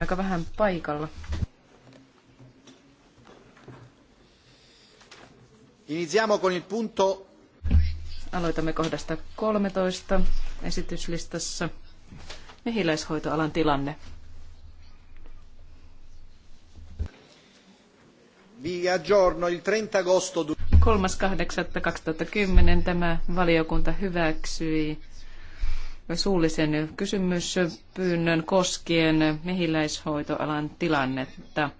aika vähän paikalla. Iniziamo con il punto. Aloitamme kohdasta 13 esityslistassa. Mehiläishoitoalan tilanne. Vi aggiorno il 30 agosto 3.8.2010 tämä valiokunta hyväksyi suullisen kysymyspyynnön koskien mehiläishoitoalan tilannetta.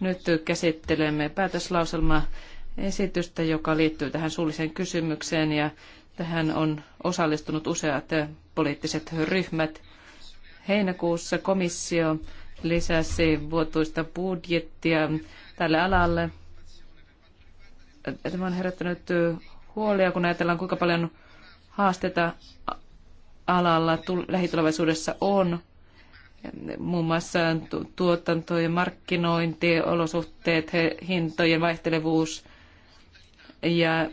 Nyt käsittelemme päätöslauselma esitystä, joka liittyy tähän suulliseen kysymykseen ja tähän on osallistunut useat poliittiset ryhmät. Heinäkuussa komissio lisäsi vuotuista budjettia tälle alalle. Tämä on herättänyt huolia, kun ajatellaan, kuinka paljon haasteita alalla lähitulevaisuudessa on. Muun muassa tuotanto ja markkinointi, olosuhteet, hintojen vaihtelevuus ja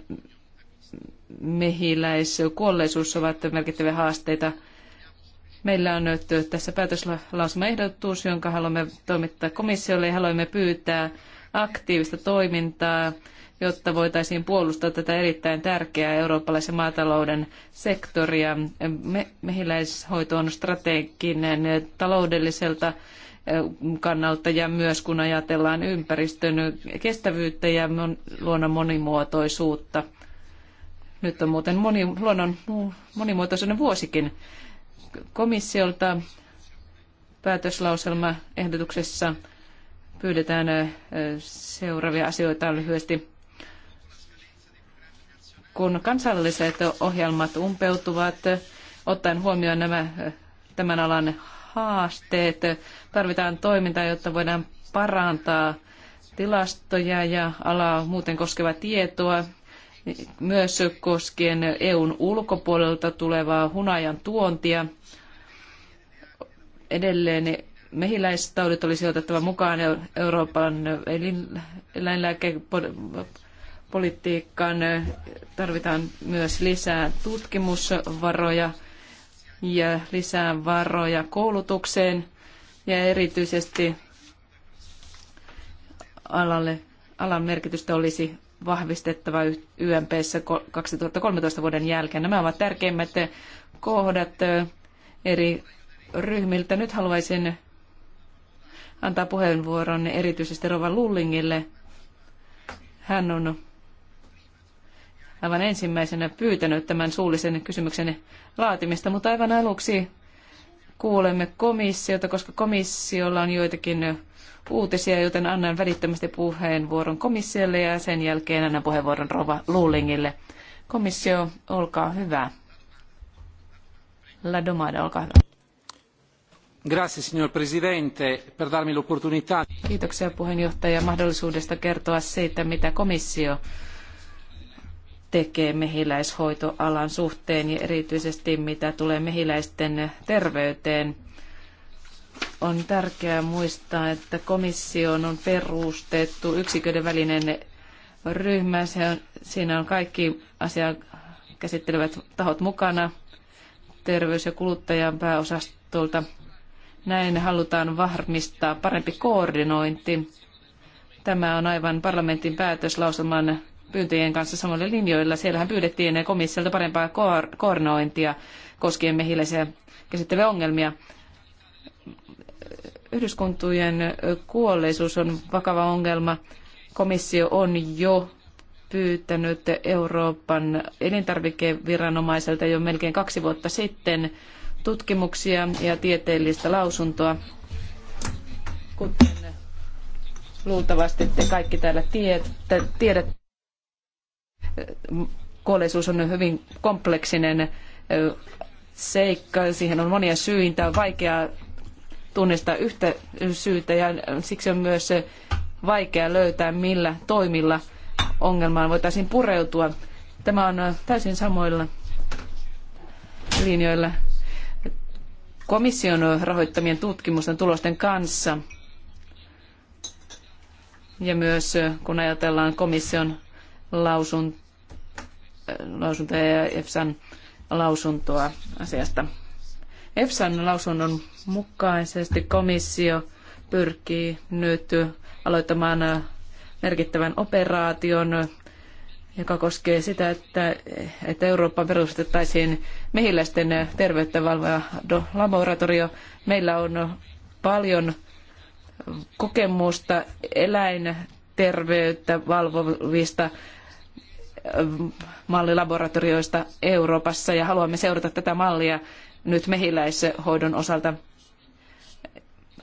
mehiläiskuolleisuus ovat merkittäviä haasteita. Meillä on nyt tässä päätöslausumaehdotus, jonka haluamme toimittaa komissiolle ja haluamme pyytää aktiivista toimintaa jotta voitaisiin puolustaa tätä erittäin tärkeää eurooppalaisen maatalouden sektoria. Me, mehiläishoito on strateginen taloudelliselta eh, kannalta ja myös kun ajatellaan ympäristön kestävyyttä ja luonnon monimuotoisuutta. Nyt on muuten moni, luonnon monimuotoisuuden vuosikin. Komissiolta päätöslauselma ehdotuksessa pyydetään eh, seuraavia asioita lyhyesti kun kansalliset ohjelmat umpeutuvat, ottaen huomioon nämä tämän alan haasteet, tarvitaan toimintaa, jotta voidaan parantaa tilastoja ja alaa muuten koskevaa tietoa, myös koskien EUn ulkopuolelta tulevaa hunajan tuontia. Edelleen mehiläistaudit olisi otettava mukaan Euroopan eläinlääkepolitiikkaan politiikkaan tarvitaan myös lisää tutkimusvaroja ja lisää varoja koulutukseen ja erityisesti alalle, alan merkitystä olisi vahvistettava YMPssä 2013 vuoden jälkeen. Nämä ovat tärkeimmät kohdat eri ryhmiltä. Nyt haluaisin antaa puheenvuoron erityisesti Rova Lullingille. Hän on aivan ensimmäisenä pyytänyt tämän suullisen kysymyksen laatimista, mutta aivan aluksi kuulemme komissiota, koska komissiolla on joitakin uutisia, joten annan välittömästi puheenvuoron komissiolle ja sen jälkeen annan puheenvuoron Rova Luulingille. Komissio, olkaa hyvä. La domanda, olkaa hyvä. Grazie, signor Presidente, per darmi l'opportunità. Kiitoksia puheenjohtaja mahdollisuudesta kertoa siitä, mitä komissio tekee mehiläishoitoalan suhteen ja erityisesti mitä tulee mehiläisten terveyteen. On tärkeää muistaa, että komissioon on perustettu yksiköiden välinen ryhmä. Se on, siinä on kaikki asiaa käsittelevät tahot mukana terveys- ja kuluttajan pääosastolta. Näin halutaan varmistaa parempi koordinointi. Tämä on aivan parlamentin päätöslauselman pyyntöjen kanssa samoilla linjoilla. Siellähän pyydettiin komissiolta parempaa koor- koordinointia koskien mehiläisiä käsitteleviä ongelmia. Yhdyskuntujen kuolleisuus on vakava ongelma. Komissio on jo pyytänyt Euroopan elintarvikeviranomaiselta jo melkein kaksi vuotta sitten tutkimuksia ja tieteellistä lausuntoa. Kuten luultavasti te kaikki täällä tiedätte, kuolleisuus on hyvin kompleksinen seikka, siihen on monia syitä, on vaikea tunnistaa yhtä syytä ja siksi on myös vaikea löytää, millä toimilla ongelmaan voitaisiin pureutua. Tämä on täysin samoilla linjoilla komission rahoittamien tutkimusten tulosten kanssa. Ja myös kun ajatellaan komission lausuntoa, lausuntoja ja EFSAn lausuntoa asiasta. EFSAn lausunnon mukaisesti komissio pyrkii nyt aloittamaan merkittävän operaation, joka koskee sitä, että, että Eurooppa perustettaisiin mehiläisten terveyttä valvoja laboratorio. Meillä on paljon kokemusta eläinterveyttä valvovista mallilaboratorioista Euroopassa ja haluamme seurata tätä mallia nyt mehiläishoidon osalta.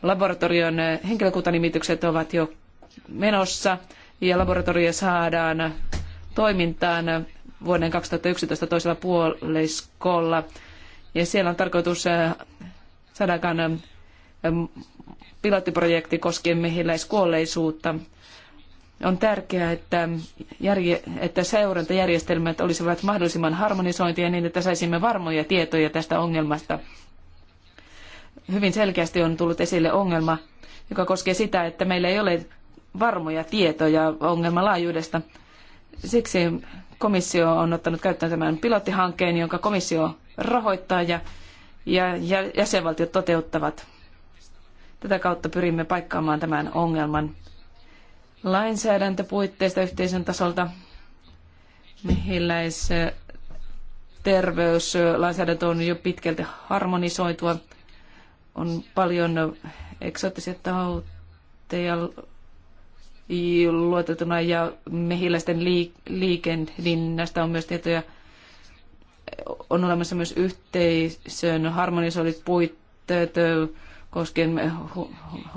Laboratorion henkilökuntanimitykset ovat jo menossa ja laboratorio saadaan toimintaan vuoden 2011 toisella puoliskolla. Ja siellä on tarkoitus äh, sadakan ähm, pilottiprojekti koskien mehiläiskuolleisuutta on tärkeää, että, järje, että seurantajärjestelmät olisivat mahdollisimman harmonisointia niin, että saisimme varmoja tietoja tästä ongelmasta. Hyvin selkeästi on tullut esille ongelma, joka koskee sitä, että meillä ei ole varmoja tietoja ongelman laajuudesta. Siksi komissio on ottanut käyttöön tämän pilottihankkeen, jonka komissio rahoittaa ja, ja, ja jäsenvaltiot toteuttavat. Tätä kautta pyrimme paikkaamaan tämän ongelman lainsäädäntöpuitteista yhteisön tasolta. Mehiläis terveyslainsäädäntö on jo pitkälti harmonisoitua. On paljon eksoottisia tauteja luotetuna ja mehiläisten liikennästä on myös tietoja. On olemassa myös yhteisön harmonisoidut puitteet koskien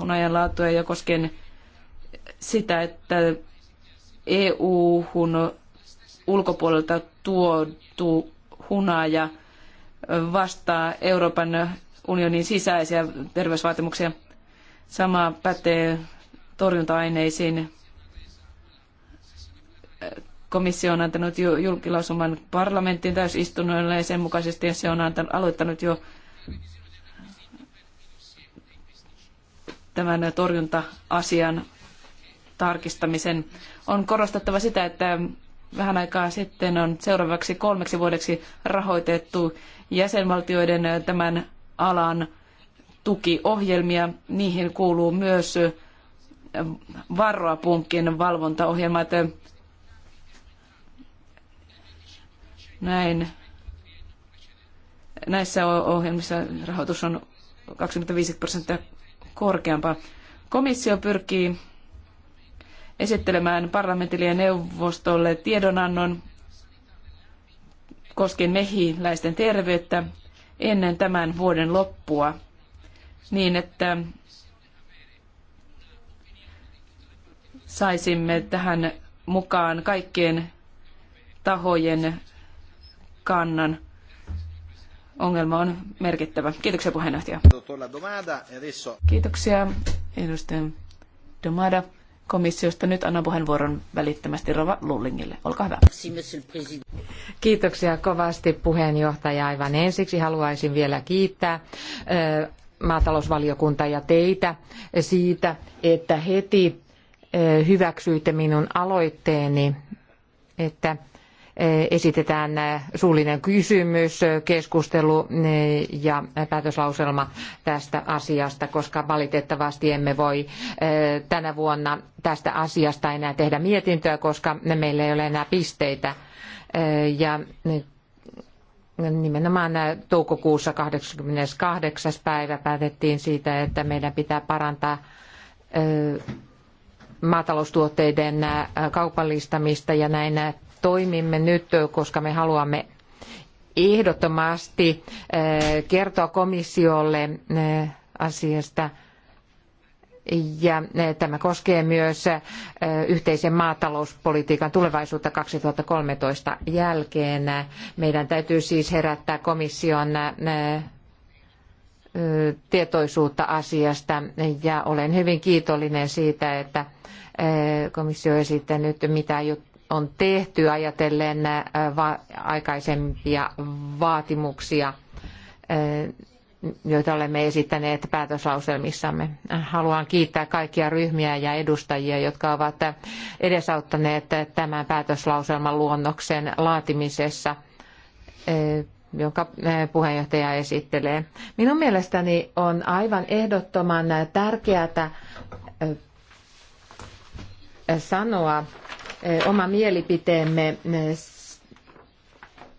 hunajan laatua ja koskien sitä, että EU-hun ulkopuolelta tuotu hunaja vastaa Euroopan unionin sisäisiä terveysvaatimuksia. Sama pätee torjunta-aineisiin. Komissio on antanut jo julkilausuman parlamentin täysistunnoille ja sen mukaisesti se on antanut, aloittanut jo tämän torjunta-asian tarkistamisen. On korostettava sitä, että vähän aikaa sitten on seuraavaksi kolmeksi vuodeksi rahoitettu jäsenvaltioiden tämän alan tukiohjelmia. Niihin kuuluu myös varroapunkin valvontaohjelmat. Näin. Näissä ohjelmissa rahoitus on 25 prosenttia korkeampaa. Komissio pyrkii esittelemään parlamentille ja neuvostolle tiedonannon koskien mehiläisten terveyttä ennen tämän vuoden loppua niin, että saisimme tähän mukaan kaikkien tahojen kannan. Ongelma on merkittävä. Kiitoksia puheenjohtaja. E Kiitoksia edustaja Domada komissiosta. Nyt annan puheenvuoron välittömästi Rova Lullingille. Olkaa hyvä. Kiitoksia kovasti puheenjohtaja. Aivan ensiksi haluaisin vielä kiittää maatalousvaliokuntaa ja teitä siitä, että heti hyväksyitte minun aloitteeni, että esitetään suullinen kysymys, keskustelu ja päätöslauselma tästä asiasta, koska valitettavasti emme voi tänä vuonna tästä asiasta enää tehdä mietintöä, koska meillä ei ole enää pisteitä. Ja nimenomaan toukokuussa 88. päivä päätettiin siitä, että meidän pitää parantaa maataloustuotteiden kaupallistamista ja näin toimimme nyt, koska me haluamme ehdottomasti eh, kertoa komissiolle eh, asiasta. Ja eh, tämä koskee myös yhteisen maatalouspolitiikan tulevaisuutta 2013 jälkeen. Meidän täytyy siis herättää komission tietoisuutta asiasta ja olen hyvin kiitollinen siitä, että komissio nyt mitä on tehty ajatellen äh, aikaisempia vaatimuksia, äh, joita olemme esittäneet päätöslauselmissamme. Haluan kiittää kaikkia ryhmiä ja edustajia, jotka ovat edesauttaneet tämän päätöslauselman luonnoksen laatimisessa äh, jonka puheenjohtaja esittelee. Minun mielestäni on aivan ehdottoman tärkeää sanoa, oma mielipiteemme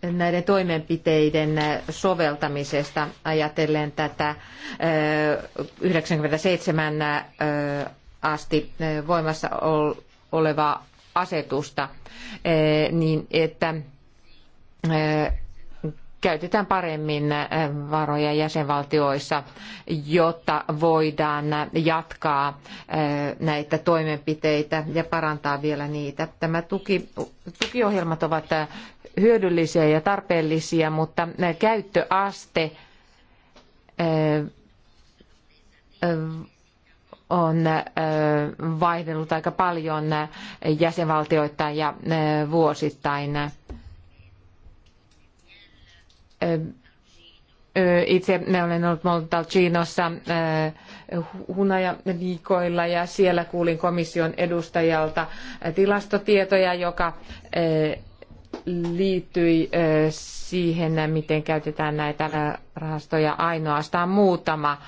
näiden toimenpiteiden soveltamisesta ajatellen tätä 97 asti voimassa olevaa asetusta, niin että käytetään paremmin äh, varoja jäsenvaltioissa, jotta voidaan jatkaa äh, näitä toimenpiteitä ja parantaa vielä niitä. Tämä tuki, tukiohjelmat ovat äh, hyödyllisiä ja tarpeellisia, mutta käyttöaste on vaihdellut aika paljon jäsenvaltioittain ja vuosittain itse olen ollut Montalcinossa hunajaviikoilla ja siellä kuulin komission edustajalta tilastotietoja, joka liittyi siihen, miten käytetään näitä rahastoja ainoastaan muutama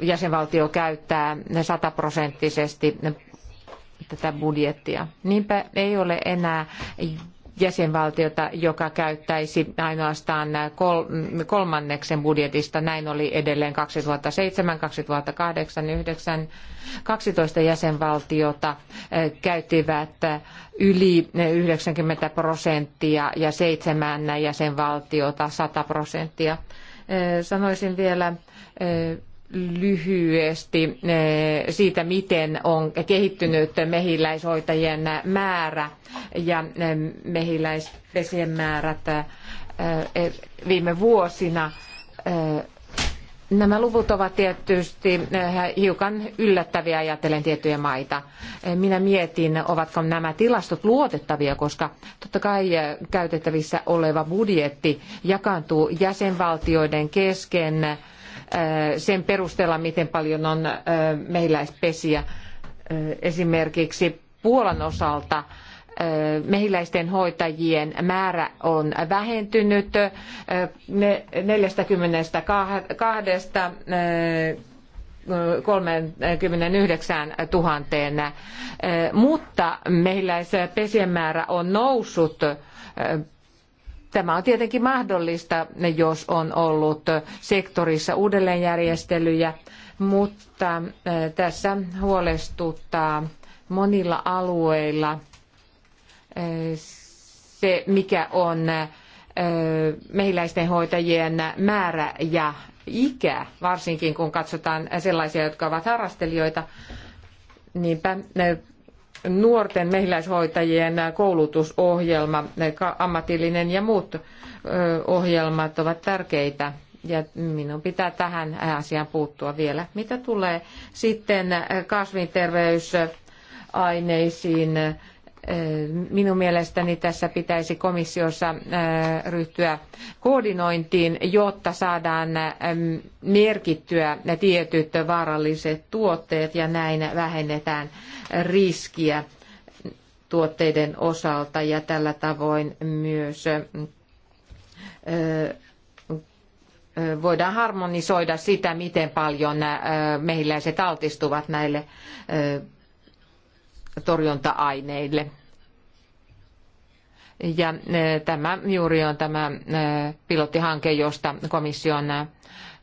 jäsenvaltio käyttää sataprosenttisesti tätä budjettia. Niinpä ei ole enää jäsenvaltiota, joka käyttäisi ainoastaan kolmanneksen budjetista. Näin oli edelleen 2007, 2008, 2009. 12 jäsenvaltiota eh, käyttivät eh, yli 90 eh, prosenttia ja seitsemän jäsenvaltiota 100 prosenttia. Sanoisin vielä lyhyesti eh, siitä, miten on kehittynyt mehiläishoitajien määrä ja eh, mehiläispesien määrät eh, viime vuosina. Nämä luvut ovat tietysti hiukan yllättäviä ajatellen tiettyjä maita. Minä mietin, ovatko nämä tilastot luotettavia, koska totta kai käytettävissä oleva budjetti jakaantuu jäsenvaltioiden kesken sen perusteella, miten paljon on mehiläispesiä. Esimerkiksi Puolan osalta mehiläisten hoitajien määrä on vähentynyt 42 39 000, mutta mehiläispesien määrä on noussut Tämä on tietenkin mahdollista, jos on ollut sektorissa uudelleenjärjestelyjä, mutta eh, tässä huolestuttaa monilla alueilla eh, se, mikä on eh, mehiläisten hoitajien määrä ja ikä, varsinkin kun katsotaan sellaisia, jotka ovat harrastelijoita. Niinpä nuorten mehiläishoitajien koulutusohjelma, ammatillinen ja muut ohjelmat ovat tärkeitä ja minun pitää tähän asiaan puuttua vielä. Mitä tulee sitten kasvinterveysaineisiin, Minun mielestäni tässä pitäisi komissiossa ryhtyä koordinointiin, jotta saadaan merkittyä tietyt vaaralliset tuotteet ja näin vähennetään riskiä tuotteiden osalta ja tällä tavoin myös voidaan harmonisoida sitä, miten paljon mehiläiset altistuvat näille torjunta-aineille. Ja e, tämä juuri on tämä e, pilottihanke, josta komission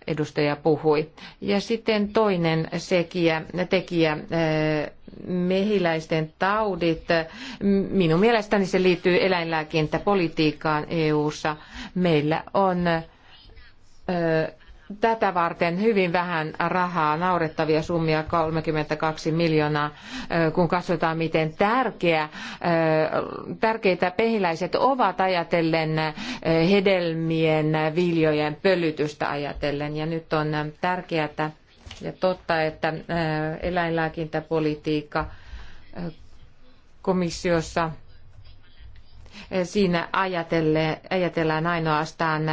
edustaja puhui. Ja sitten toinen sekiä, tekijä, e, mehiläisten taudit. Minun mielestäni se liittyy eläinlääkintäpolitiikkaan EU-ssa. Meillä on tätä varten hyvin vähän rahaa, naurettavia summia, 32 miljoonaa, kun katsotaan, miten tärkeä, tärkeitä pehiläiset ovat ajatellen hedelmien, viljojen pölytystä ajatellen. Ja nyt on tärkeää ja totta, että eläinlääkintäpolitiikka komissiossa Siinä ajatellaan ainoastaan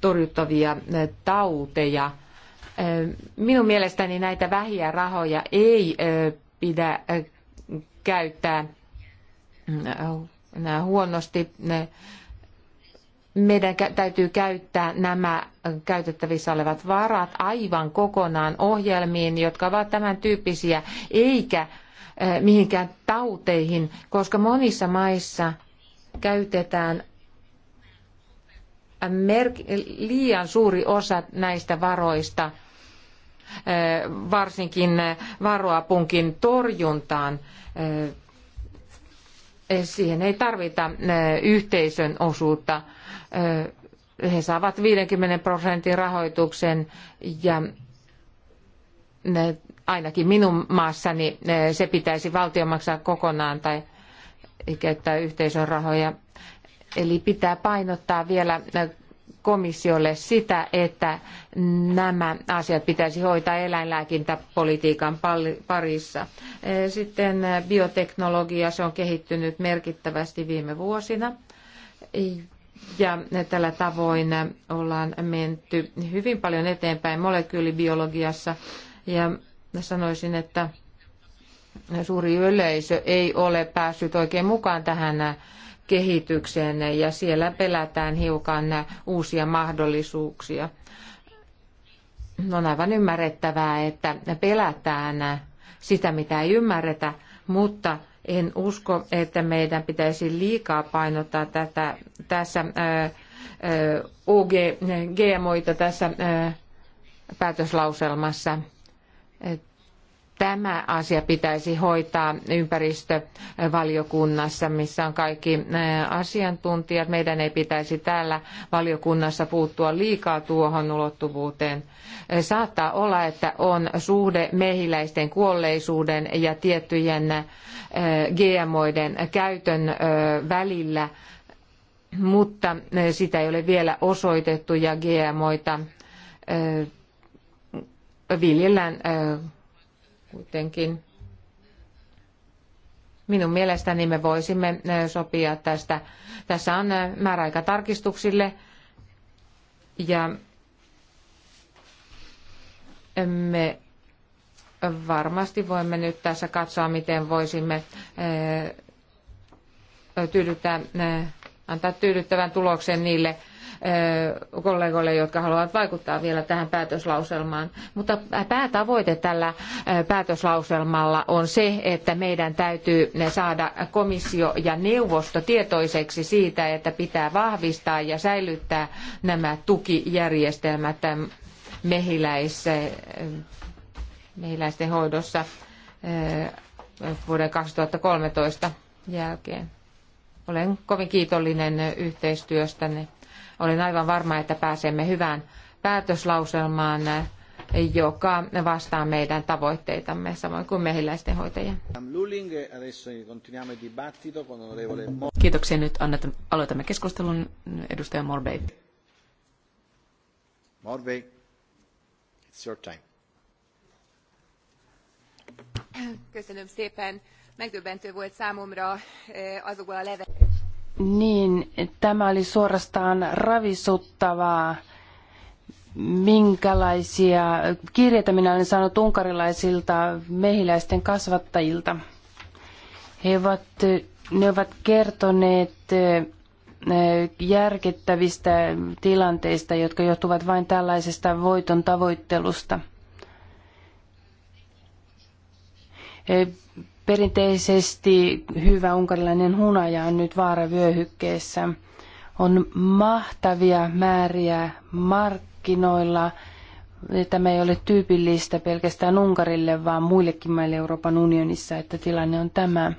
torjuttavia eh, tauteja. Eh, minun mielestäni näitä vähiä rahoja ei eh, pidä käyttää mm, huonosti. Meidän täytyy käyttää nämä käytettävissä olevat varat aivan kokonaan ohjelmiin, jotka ovat tämän tyyppisiä, eikä mihinkään tauteihin, koska monissa maissa käytetään liian suuri osa näistä varoista varsinkin varoapunkin torjuntaan. E, siihen ei tarvita yhteisön osuutta. He saavat 50 prosentin rahoituksen ja ainakin minun maassani se pitäisi valtio maksaa kokonaan tai käyttää yhteisön rahoja. Eli pitää painottaa vielä äh, komissiolle sitä, että nämä asiat pitäisi hoitaa eläinlääkintäpolitiikan parissa. Äh, sitten äh, bioteknologia, se on kehittynyt merkittävästi viime vuosina. Ja tällä tavoin ollaan menty hyvin paljon eteenpäin molekyylibiologiassa. Ja sanoisin, että suuri yleisö ei ole päässyt oikein mukaan tähän kehitykseen ja siellä pelätään hiukan uusia mahdollisuuksia. On aivan ymmärrettävää, että pelätään sitä, mitä ei ymmärretä, mutta en usko, että meidän pitäisi liikaa painottaa tätä, tässä ää, GMOita tässä päätöslauselmassa. Et tämä asia pitäisi hoitaa ympäristövaliokunnassa, missä on kaikki asiantuntijat. Meidän ei pitäisi täällä valiokunnassa puuttua liikaa tuohon ulottuvuuteen. Saattaa olla, että on suhde mehiläisten kuolleisuuden ja tiettyjen GMOiden käytön välillä, mutta sitä ei ole vielä osoitettu ja GMOita viljellään kuitenkin minun mielestäni me voisimme sopia tästä. Tässä on määräaika tarkistuksille ja me varmasti voimme nyt tässä katsoa, miten voisimme tyydyttää, antaa tyydyttävän tuloksen niille Eh, kollegoille, jotka haluavat vaikuttaa vielä tähän päätöslauselmaan. Mutta päätavoite tällä eh, päätöslauselmalla on se, että meidän täytyy saada komissio ja neuvosto tietoiseksi siitä, että pitää vahvistaa ja säilyttää nämä tukijärjestelmät mehiläis, mehiläisten hoidossa eh, vuoden 2013 jälkeen. Olen kovin kiitollinen yhteistyöstänne olen aivan varma, että pääsemme hyvään päätöslauselmaan, joka vastaa meidän tavoitteitamme, samoin kuin mehiläisten hoitajia. Kiitoksia. Nyt aloitamme keskustelun. Edustaja Morbey. Morbey, it's your time. Köszönöm szépen. Megdöbbentő volt számomra eh, azokból a levekből. Niin, tämä oli suorastaan ravisuttavaa, minkälaisia kirjeitä minä olen saanut unkarilaisilta mehiläisten kasvattajilta. He ovat, ne ovat kertoneet eh, järkettävistä tilanteista, jotka johtuvat vain tällaisesta voiton tavoittelusta eh, Perinteisesti hyvä unkarilainen hunaja on nyt vaaravyöhykkeessä. On mahtavia määriä markkinoilla. Tämä ei ole tyypillistä pelkästään Unkarille, vaan muillekin maille Euroopan unionissa, että tilanne on tämä.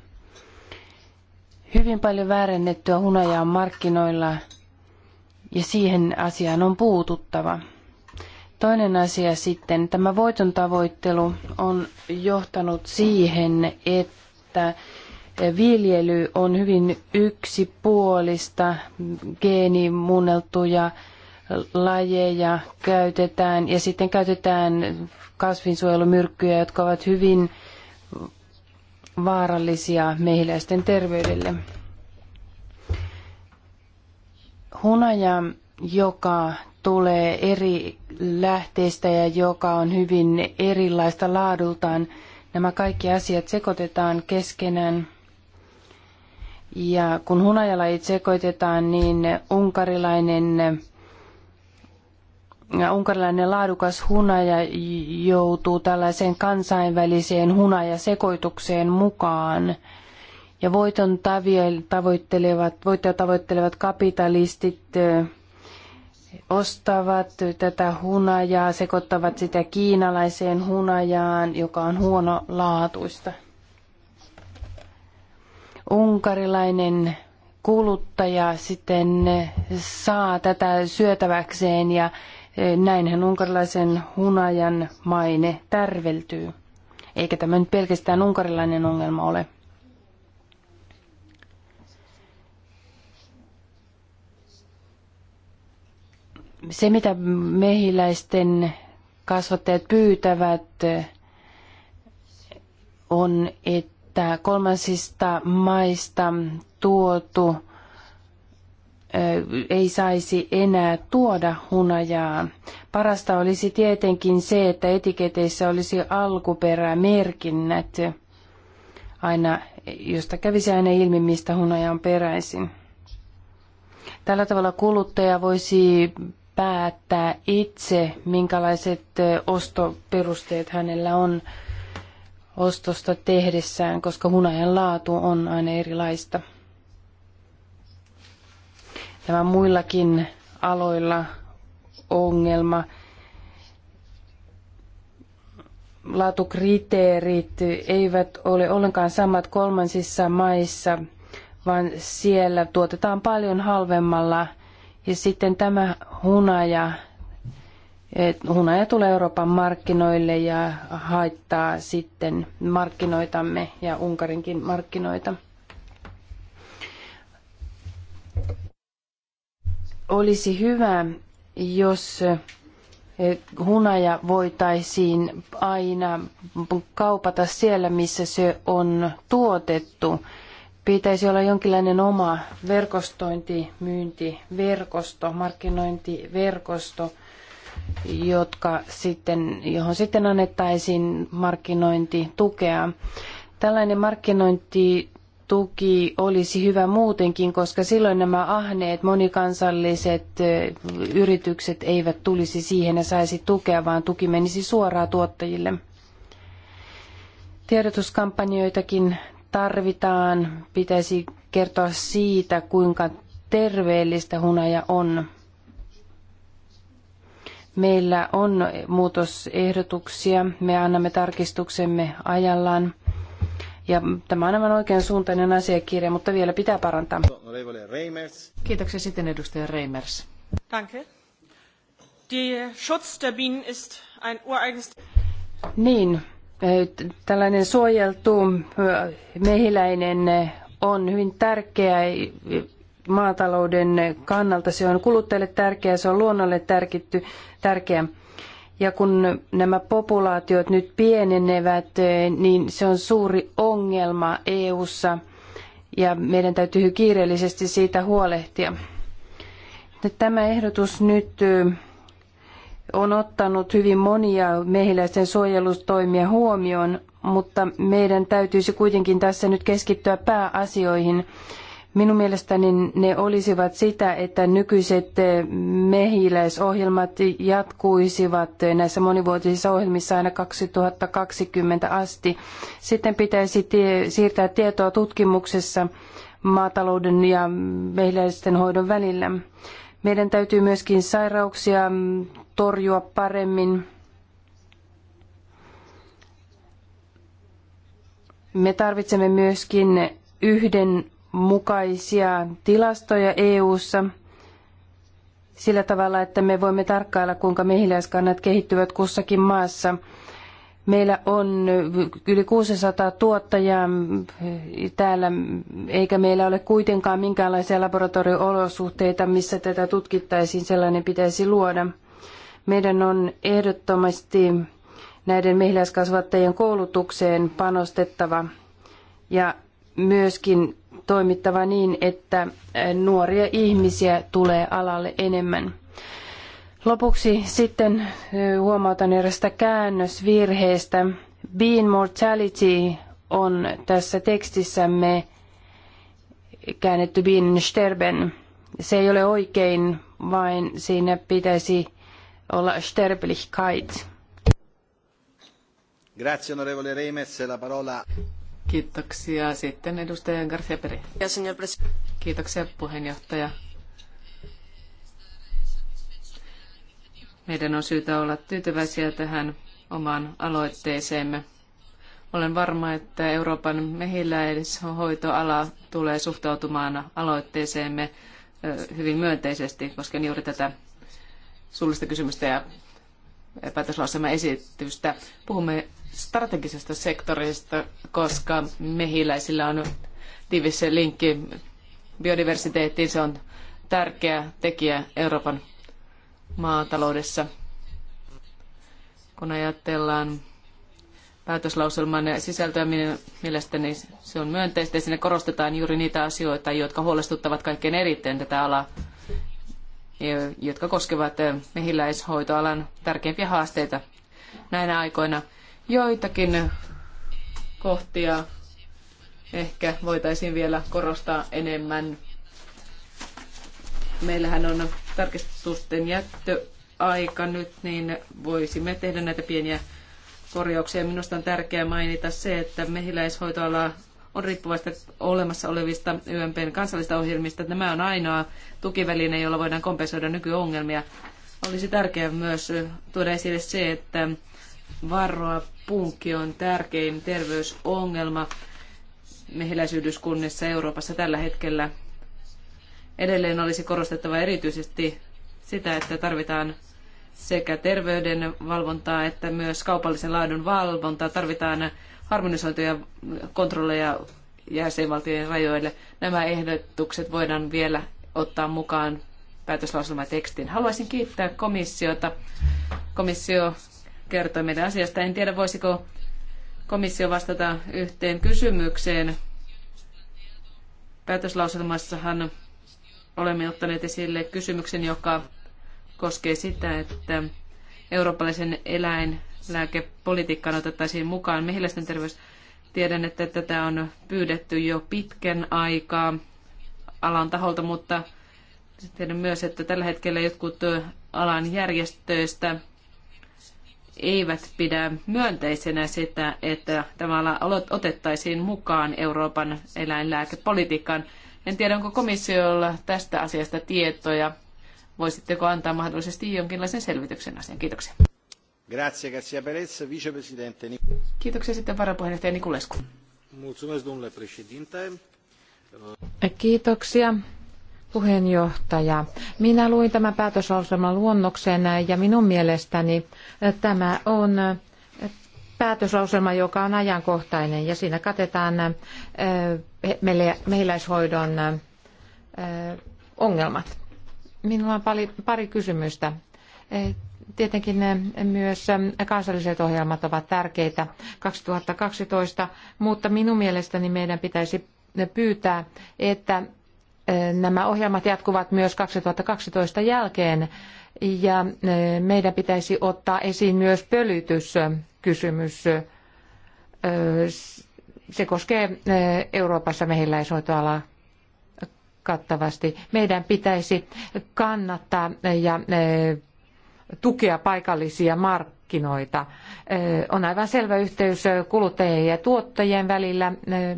Hyvin paljon väärennettyä hunajaa on markkinoilla ja siihen asiaan on puututtava. Toinen asia sitten, tämä voiton tavoittelu on johtanut siihen, että viljely on hyvin yksipuolista, geenimuunneltuja lajeja käytetään ja sitten käytetään kasvinsuojelumyrkkyjä, jotka ovat hyvin vaarallisia mehiläisten terveydelle. Hunaja joka tulee eri lähteistä ja joka on hyvin erilaista laadultaan. Nämä kaikki asiat sekoitetaan keskenään. Ja kun hunajalajit sekoitetaan, niin unkarilainen, unkarilainen laadukas hunaja joutuu tällaiseen kansainväliseen hunajasekoitukseen mukaan. Ja voiton tavoittelevat, voittoa tavoittelevat kapitalistit ostavat tätä hunajaa, sekoittavat sitä kiinalaiseen hunajaan, joka on huonolaatuista. Unkarilainen kuluttaja sitten saa tätä syötäväkseen ja e, näinhän unkarilaisen hunajan maine tärveltyy. Eikä tämä nyt pelkästään unkarilainen ongelma ole. Se, mitä mehiläisten kasvattajat pyytävät, on, että kolmansista maista tuotu ei saisi enää tuoda hunajaa. Parasta olisi tietenkin se, että etiketeissä olisi alkuperämerkinnät aina, josta kävisi aina ilmi, mistä hunaja on peräisin. Tällä tavalla kuluttaja voisi päättää itse, minkälaiset ostoperusteet hänellä on ostosta tehdessään, koska hunajan laatu on aina erilaista. Tämä muillakin aloilla ongelma. Laatukriteerit eivät ole ollenkaan samat kolmansissa maissa, vaan siellä tuotetaan paljon halvemmalla – ja sitten tämä hunaja, hunaja tulee Euroopan markkinoille ja haittaa sitten markkinoitamme ja Unkarinkin markkinoita. Olisi hyvä, jos hunaja voitaisiin aina kaupata siellä, missä se on tuotettu pitäisi olla jonkinlainen oma verkostointi, myynti, verkosto, markkinointiverkosto, jotka sitten, johon sitten annettaisiin markkinointitukea. Tällainen markkinointituki olisi hyvä muutenkin, koska silloin nämä ahneet monikansalliset yritykset eivät tulisi siihen ja saisi tukea, vaan tuki menisi suoraan tuottajille. Tiedotuskampanjoitakin tarvitaan. Pitäisi kertoa siitä, kuinka terveellistä hunaja on. Meillä on muutosehdotuksia. Me annamme tarkistuksemme ajallaan. Ja tämä on aivan oikean suuntainen asiakirja, mutta vielä pitää parantaa. Kiitoksia sitten edustaja Reimers. Danke. Die Schutz der Bienen ist ein ureigenes... Niin, Tällainen suojeltu mehiläinen on hyvin tärkeä maatalouden kannalta. Se on kuluttajille tärkeä, se on luonnolle tärkitty, tärkeä. Ja kun nämä populaatiot nyt pienenevät, niin se on suuri ongelma EU:ssa ja meidän täytyy kiireellisesti siitä huolehtia. Tämä ehdotus nyt on ottanut hyvin monia mehiläisten suojelustoimia huomioon, mutta meidän täytyisi kuitenkin tässä nyt keskittyä pääasioihin. Minun mielestäni ne olisivat sitä, että nykyiset mehiläisohjelmat jatkuisivat näissä monivuotisissa ohjelmissa aina 2020 asti. Sitten pitäisi tie, siirtää tietoa tutkimuksessa maatalouden ja mehiläisten hoidon välillä. Meidän täytyy myöskin sairauksia torjua paremmin. Me tarvitsemme myöskin yhdenmukaisia tilastoja EU:ssa sillä tavalla, että me voimme tarkkailla, kuinka mehiläiskannat kehittyvät kussakin maassa. Meillä on yli 600 tuottajaa täällä, eikä meillä ole kuitenkaan minkäänlaisia laboratorioolosuhteita, missä tätä tutkittaisiin, sellainen pitäisi luoda. Meidän on ehdottomasti näiden mehiläiskasvattajien koulutukseen panostettava ja myöskin toimittava niin, että nuoria ihmisiä tulee alalle enemmän. Lopuksi sitten huomautan erästä käännösvirheestä. Bean mortality on tässä tekstissämme käännetty Bean sterben. Se ei ole oikein, vaan siinä pitäisi olla Sterblichkeit. Grazie, onorevole Reimers. La parola... Kiitoksia. Sitten edustaja Garcia Peri. Kiitoksia, puheenjohtaja. Meidän on syytä olla tyytyväisiä tähän omaan aloitteeseemme. Olen varma, että Euroopan mehiläishoitoala tulee suhtautumaan aloitteeseemme hyvin myönteisesti, koska juuri tätä suullista kysymystä ja päätöslauselman esitystä. Puhumme strategisesta sektorista, koska mehiläisillä on tiivis linkki biodiversiteettiin. Se on tärkeä tekijä Euroopan maataloudessa. Kun ajatellaan päätöslauselman sisältöä, mielestäni se on myönteistä. Siinä korostetaan juuri niitä asioita, jotka huolestuttavat kaikkein eriten tätä alaa jotka koskevat eh, mehiläishoitoalan tärkeimpiä haasteita näinä aikoina. Joitakin kohtia ehkä voitaisiin vielä korostaa enemmän. Meillähän on tarkistusten jättöaika nyt, niin voisimme tehdä näitä pieniä korjauksia. Minusta on tärkeää mainita se, että mehiläishoitoalaa on riippuvaista olemassa olevista YMPn kansallista ohjelmista. Nämä on ainoa tukiväline, jolla voidaan kompensoida nykyongelmia. Olisi tärkeää myös tuoda esille se, että varroa punkki on tärkein terveysongelma mehiläisyhdyskunnissa Euroopassa tällä hetkellä. Edelleen olisi korostettava erityisesti sitä, että tarvitaan sekä terveyden valvontaa että myös kaupallisen laadun valvontaa. Tarvitaan harmonisoituja kontrolleja jäsenvaltioiden rajoille. Nämä ehdotukset voidaan vielä ottaa mukaan päätöslauselmatekstiin. Haluaisin kiittää komissiota. Komissio kertoi meidän asiasta. En tiedä, voisiko komissio vastata yhteen kysymykseen. Päätöslauselmassahan olemme ottaneet esille kysymyksen, joka koskee sitä, että eurooppalaisen eläin lääkepolitiikkaan otettaisiin mukaan mehiläisten terveys. Tiedän, että tätä on pyydetty jo pitkän aikaa alan taholta, mutta tiedän myös, että tällä hetkellä jotkut alan järjestöistä eivät pidä myönteisenä sitä, että tämä ala otettaisiin mukaan Euroopan eläinlääkepolitiikkaan. En tiedä, onko komissiolla tästä asiasta tietoja. Voisitteko antaa mahdollisesti jonkinlaisen selvityksen asian? Kiitoksia. Grazie, Garcia Perez, vicepresidente. Kiitoksia sitten varapuheenjohtaja Kiitoksia puheenjohtaja. Minä luin tämän päätöslauselman luonnoksen ja minun mielestäni tämä on päätöslauselma, joka on ajankohtainen ja siinä katetaan äh, mehiläishoidon äh, ongelmat. Minulla on pari kysymystä. Äh, Tietenkin eh, myös eh, kansalliset ohjelmat ovat tärkeitä 2012, mutta minun mielestäni meidän pitäisi eh, pyytää, että nämä ohjelmat jatkuvat myös 2012 jälkeen ja meidän pitäisi ottaa esiin myös pölytyskysymys. Se koskee Euroopassa mehiläishoitoalaa kattavasti. Meidän pitäisi kannattaa ja tukea paikallisia markkinoita. Eh, on aivan selvä yhteys kuluttajien ja tuottajien välillä eh,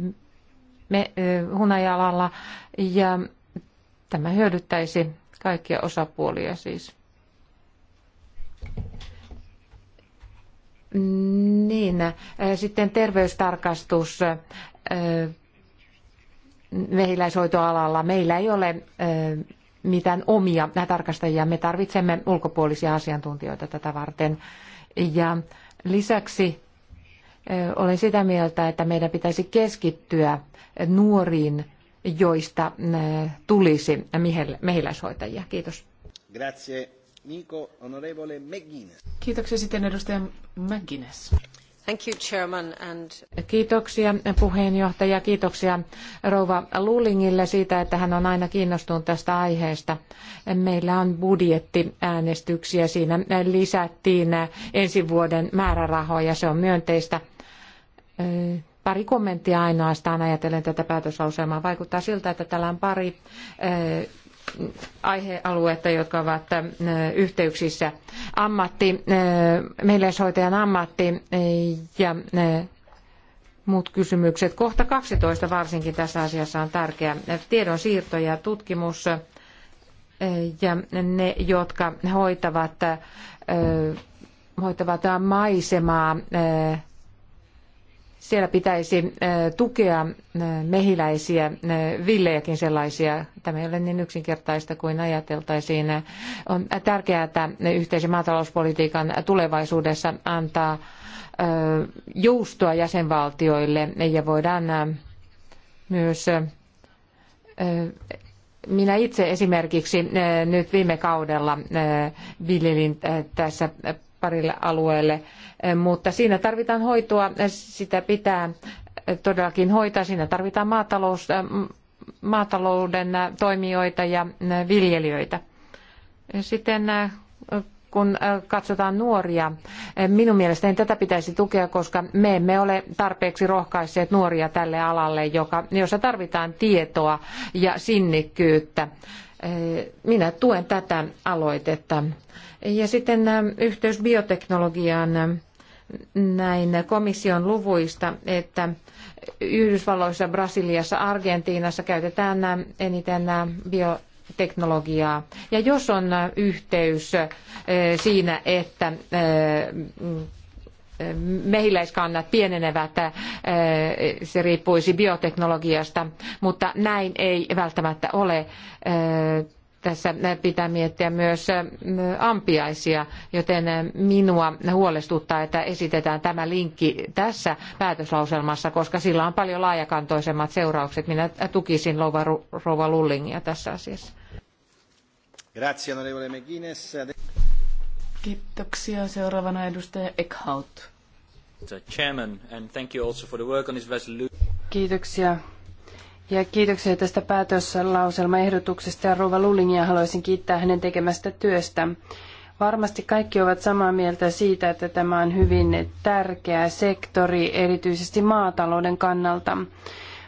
eh, hunajalalla ja tämä hyödyttäisi kaikkia osapuolia siis. Niin, sitten terveystarkastus mehiläishoitoalalla. Meillä ei ole mitään omia tarkastajia. Me tarvitsemme ulkopuolisia asiantuntijoita tätä varten. Ja lisäksi olen sitä mieltä, että meidän pitäisi keskittyä nuoriin, joista tulisi mehiläishoitajia. Kiitos. Grazie. Nico, onorevole McGuinness. Kiitoksia sitten edustaja McGuinness. Thank you, Kiitoksia puheenjohtaja, kiitoksia rouva Lullingille siitä, että hän on aina kiinnostunut tästä aiheesta. Meillä on budjettiäänestyksiä, siinä lisättiin ensi vuoden määrärahoja, se on myönteistä. Pari kommenttia ainoastaan ajatellen tätä päätöslauselmaa. Vaikuttaa siltä, että täällä on pari aihealuetta, jotka ovat äh, yhteyksissä. Ammatti, äh, meilleishoitajan ammatti äh, ja muut kysymykset. Kohta 12 varsinkin tässä asiassa on tärkeä. Tiedonsiirto ja tutkimus ja ne, jotka hoitavat, hoitavat maisemaa siellä pitäisi äh, tukea äh, mehiläisiä, äh, villejäkin sellaisia. Tämä ei ole niin yksinkertaista kuin ajateltaisiin. On tärkeää, että yhteisen maatalouspolitiikan tulevaisuudessa antaa joustoa jäsenvaltioille ja voidaan myös minä itse esimerkiksi nyt viime kaudella viljelin tässä parille alueelle mutta siinä tarvitaan hoitoa, sitä pitää todellakin hoitaa, siinä tarvitaan maatalous, maatalouden toimijoita ja viljelijöitä. Sitten kun katsotaan nuoria, minun mielestäni tätä pitäisi tukea, koska me emme ole tarpeeksi rohkaisseet nuoria tälle alalle, joka, jossa tarvitaan tietoa ja sinnikkyyttä. Minä tuen tätä aloitetta. Ja sitten yhteys bioteknologiaan näin komission luvuista, että Yhdysvalloissa, Brasiliassa, Argentiinassa käytetään eniten bio teknologiaa. Ja jos on yhteys eh, siinä, että eh, mehiläiskannat pienenevät, eh, se riippuisi bioteknologiasta, mutta näin ei välttämättä ole tässä pitää miettiä myös äh, ampiaisia, joten äh, minua huolestuttaa, että esitetään tämä linkki tässä päätöslauselmassa, koska sillä on paljon laajakantoisemmat seuraukset. Minä tukisin Rouva Lullingia tässä asiassa. Kiitoksia. Seuraavana edustaja Eckhout. Chairman, and thank you also for the work on this resolution. Kiitoksia ja kiitoksia tästä päätöslauselmaehdotuksesta ja Rova Lullingia haluaisin kiittää hänen tekemästä työstä. Varmasti kaikki ovat samaa mieltä siitä, että tämä on hyvin tärkeä sektori, erityisesti maatalouden kannalta.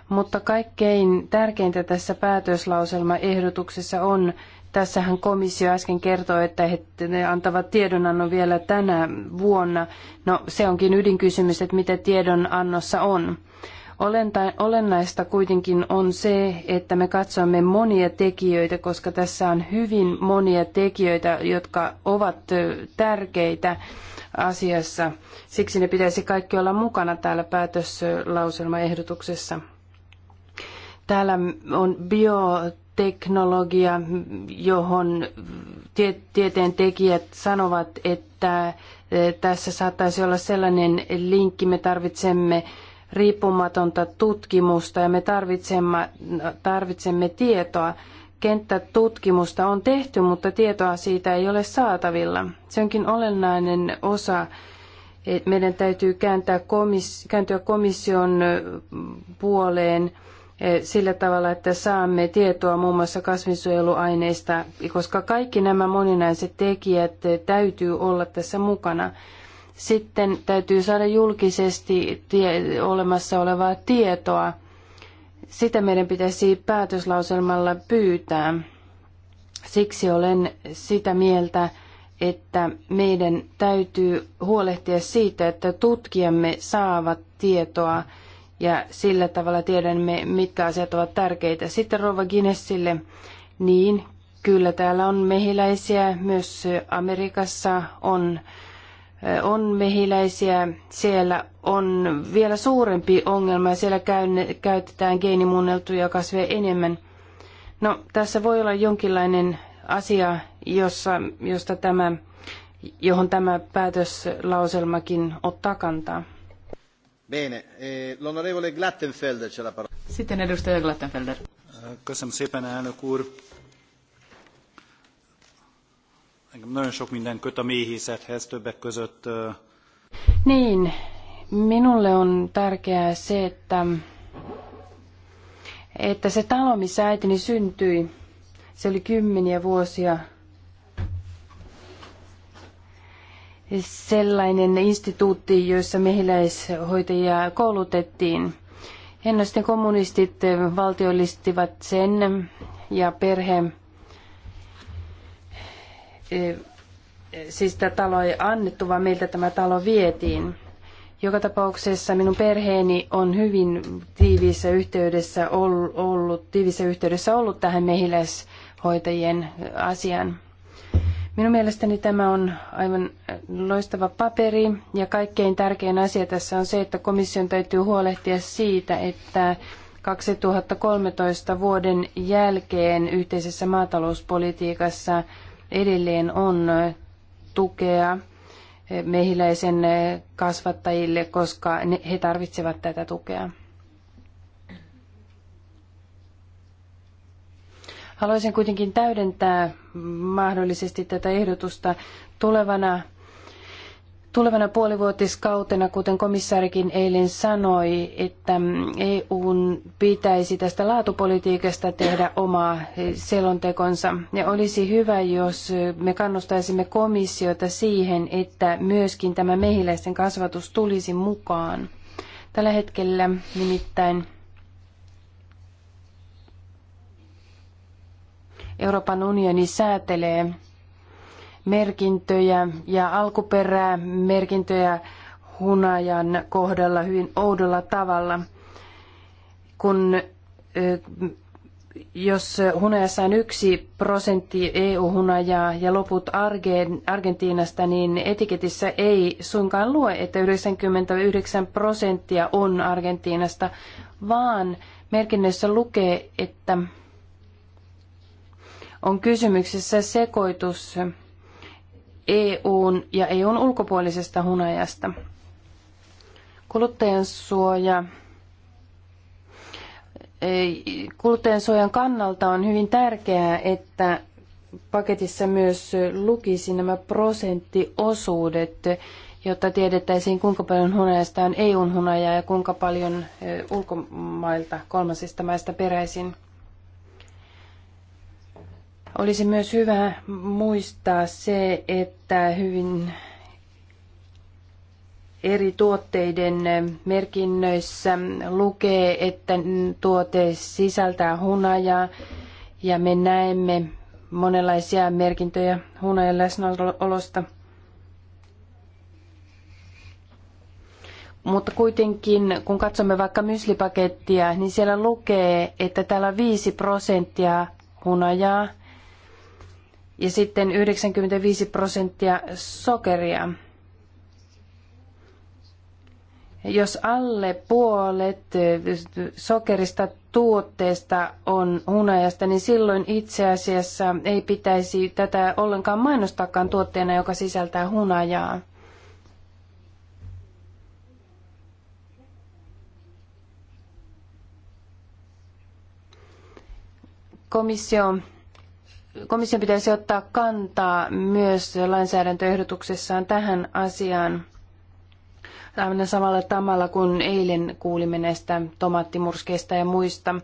Mutta kaikkein tärkeintä tässä päätöslauselmaehdotuksessa on, tässähän komissio äsken kertoi, että he antavat tiedonannon vielä tänä vuonna. No se onkin ydinkysymys, että mitä tiedonannossa on. Olennaista kuitenkin on se, että me katsomme monia tekijöitä, koska tässä on hyvin monia tekijöitä, jotka ovat tärkeitä asiassa. Siksi ne pitäisi kaikki olla mukana täällä päätöslauselmaehdotuksessa. Täällä on bioteknologia, johon tie- tieteen tekijät sanovat, että tässä saattaisi olla sellainen linkki, me tarvitsemme riippumatonta tutkimusta ja me tarvitsemme, tarvitsemme tietoa. Kenttätutkimusta on tehty, mutta tietoa siitä ei ole saatavilla. Se onkin olennainen osa. Että meidän täytyy kääntää komis, kääntyä komission puoleen e, sillä tavalla, että saamme tietoa muun muassa kasvinsuojeluaineista, koska kaikki nämä moninaiset tekijät e, täytyy olla tässä mukana. Sitten täytyy saada julkisesti tie, olemassa olevaa tietoa. Sitä meidän pitäisi päätöslauselmalla pyytää. Siksi olen sitä mieltä, että meidän täytyy huolehtia siitä, että tutkijamme saavat tietoa ja sillä tavalla tiedämme, mitkä asiat ovat tärkeitä. Sitten Rova Guinnessille, niin kyllä täällä on mehiläisiä, myös Amerikassa on on mehiläisiä, siellä on vielä suurempi ongelma ja siellä käytetään geenimuunneltuja kasveja enemmän. No, tässä voi olla jonkinlainen asia, jossa, josta tämä, johon tämä päätöslauselmakin ottaa kantaa. Bene, e, l'onorevole Glattenfelder la parola. Sitten edustaja Glattenfelder. Köszönöm szépen, Nagyon sok minden köt a méhészethez, többek között... Niin, minulle on tärkeää se, että, että se talo, missä äitini syntyi, se oli kymmeniä vuosia sellainen instituutti, jossa mehiläishoitajia koulutettiin. Ennästen kommunistit valtiollistivat sen ja perhe siis tämä talo ei annettu, vaan meiltä tämä talo vietiin. Joka tapauksessa minun perheeni on hyvin tiiviissä yhteydessä ollut, tiiviissä yhteydessä ollut tähän mehiläishoitajien asiaan. Minun mielestäni tämä on aivan loistava paperi ja kaikkein tärkein asia tässä on se, että komission täytyy huolehtia siitä, että 2013 vuoden jälkeen yhteisessä maatalouspolitiikassa – edelleen on tukea mehiläisen kasvattajille, koska he tarvitsevat tätä tukea. Haluaisin kuitenkin täydentää mahdollisesti tätä ehdotusta tulevana Tulevana puolivuotiskautena, kuten komissaarikin eilen sanoi, että EUn pitäisi tästä laatupolitiikasta tehdä oma selontekonsa. Ja olisi hyvä, jos me kannustaisimme komissiota siihen, että myöskin tämä mehiläisten kasvatus tulisi mukaan. Tällä hetkellä nimittäin Euroopan unioni säätelee merkintöjä ja alkuperämerkintöjä hunajan kohdalla hyvin oudolla tavalla. Kun jos hunajassa on yksi prosentti EU-hunajaa ja loput Argentiinasta, niin etiketissä ei suinkaan lue, että 99 prosenttia on Argentiinasta, vaan merkinnöissä lukee, että on kysymyksessä sekoitus EUn ja EUn ulkopuolisesta hunajasta. Kuluttajan suoja kuluttajansuojan kannalta on hyvin tärkeää, että paketissa myös lukisi nämä prosenttiosuudet, jotta tiedettäisiin kuinka paljon hunajasta on EUn hunajaa ja kuinka paljon ulkomailta kolmansista maista peräisin. Olisi myös hyvä muistaa se, että hyvin eri tuotteiden merkinnöissä lukee, että tuote sisältää hunajaa ja me näemme monenlaisia merkintöjä hunajan läsnäolosta. Mutta kuitenkin, kun katsomme vaikka myslipakettia, niin siellä lukee, että täällä on 5 prosenttia hunajaa – ja sitten 95 prosenttia sokeria. Jos alle puolet sokerista tuotteesta on hunajasta, niin silloin itse asiassa ei pitäisi tätä ollenkaan mainostaakaan tuotteena, joka sisältää hunajaa. Komissio komission pitäisi ottaa kantaa myös lainsäädäntöehdotuksessaan tähän asiaan aivan samalla tavalla kuin eilen kuulimme näistä tomaattimurskeista ja muista.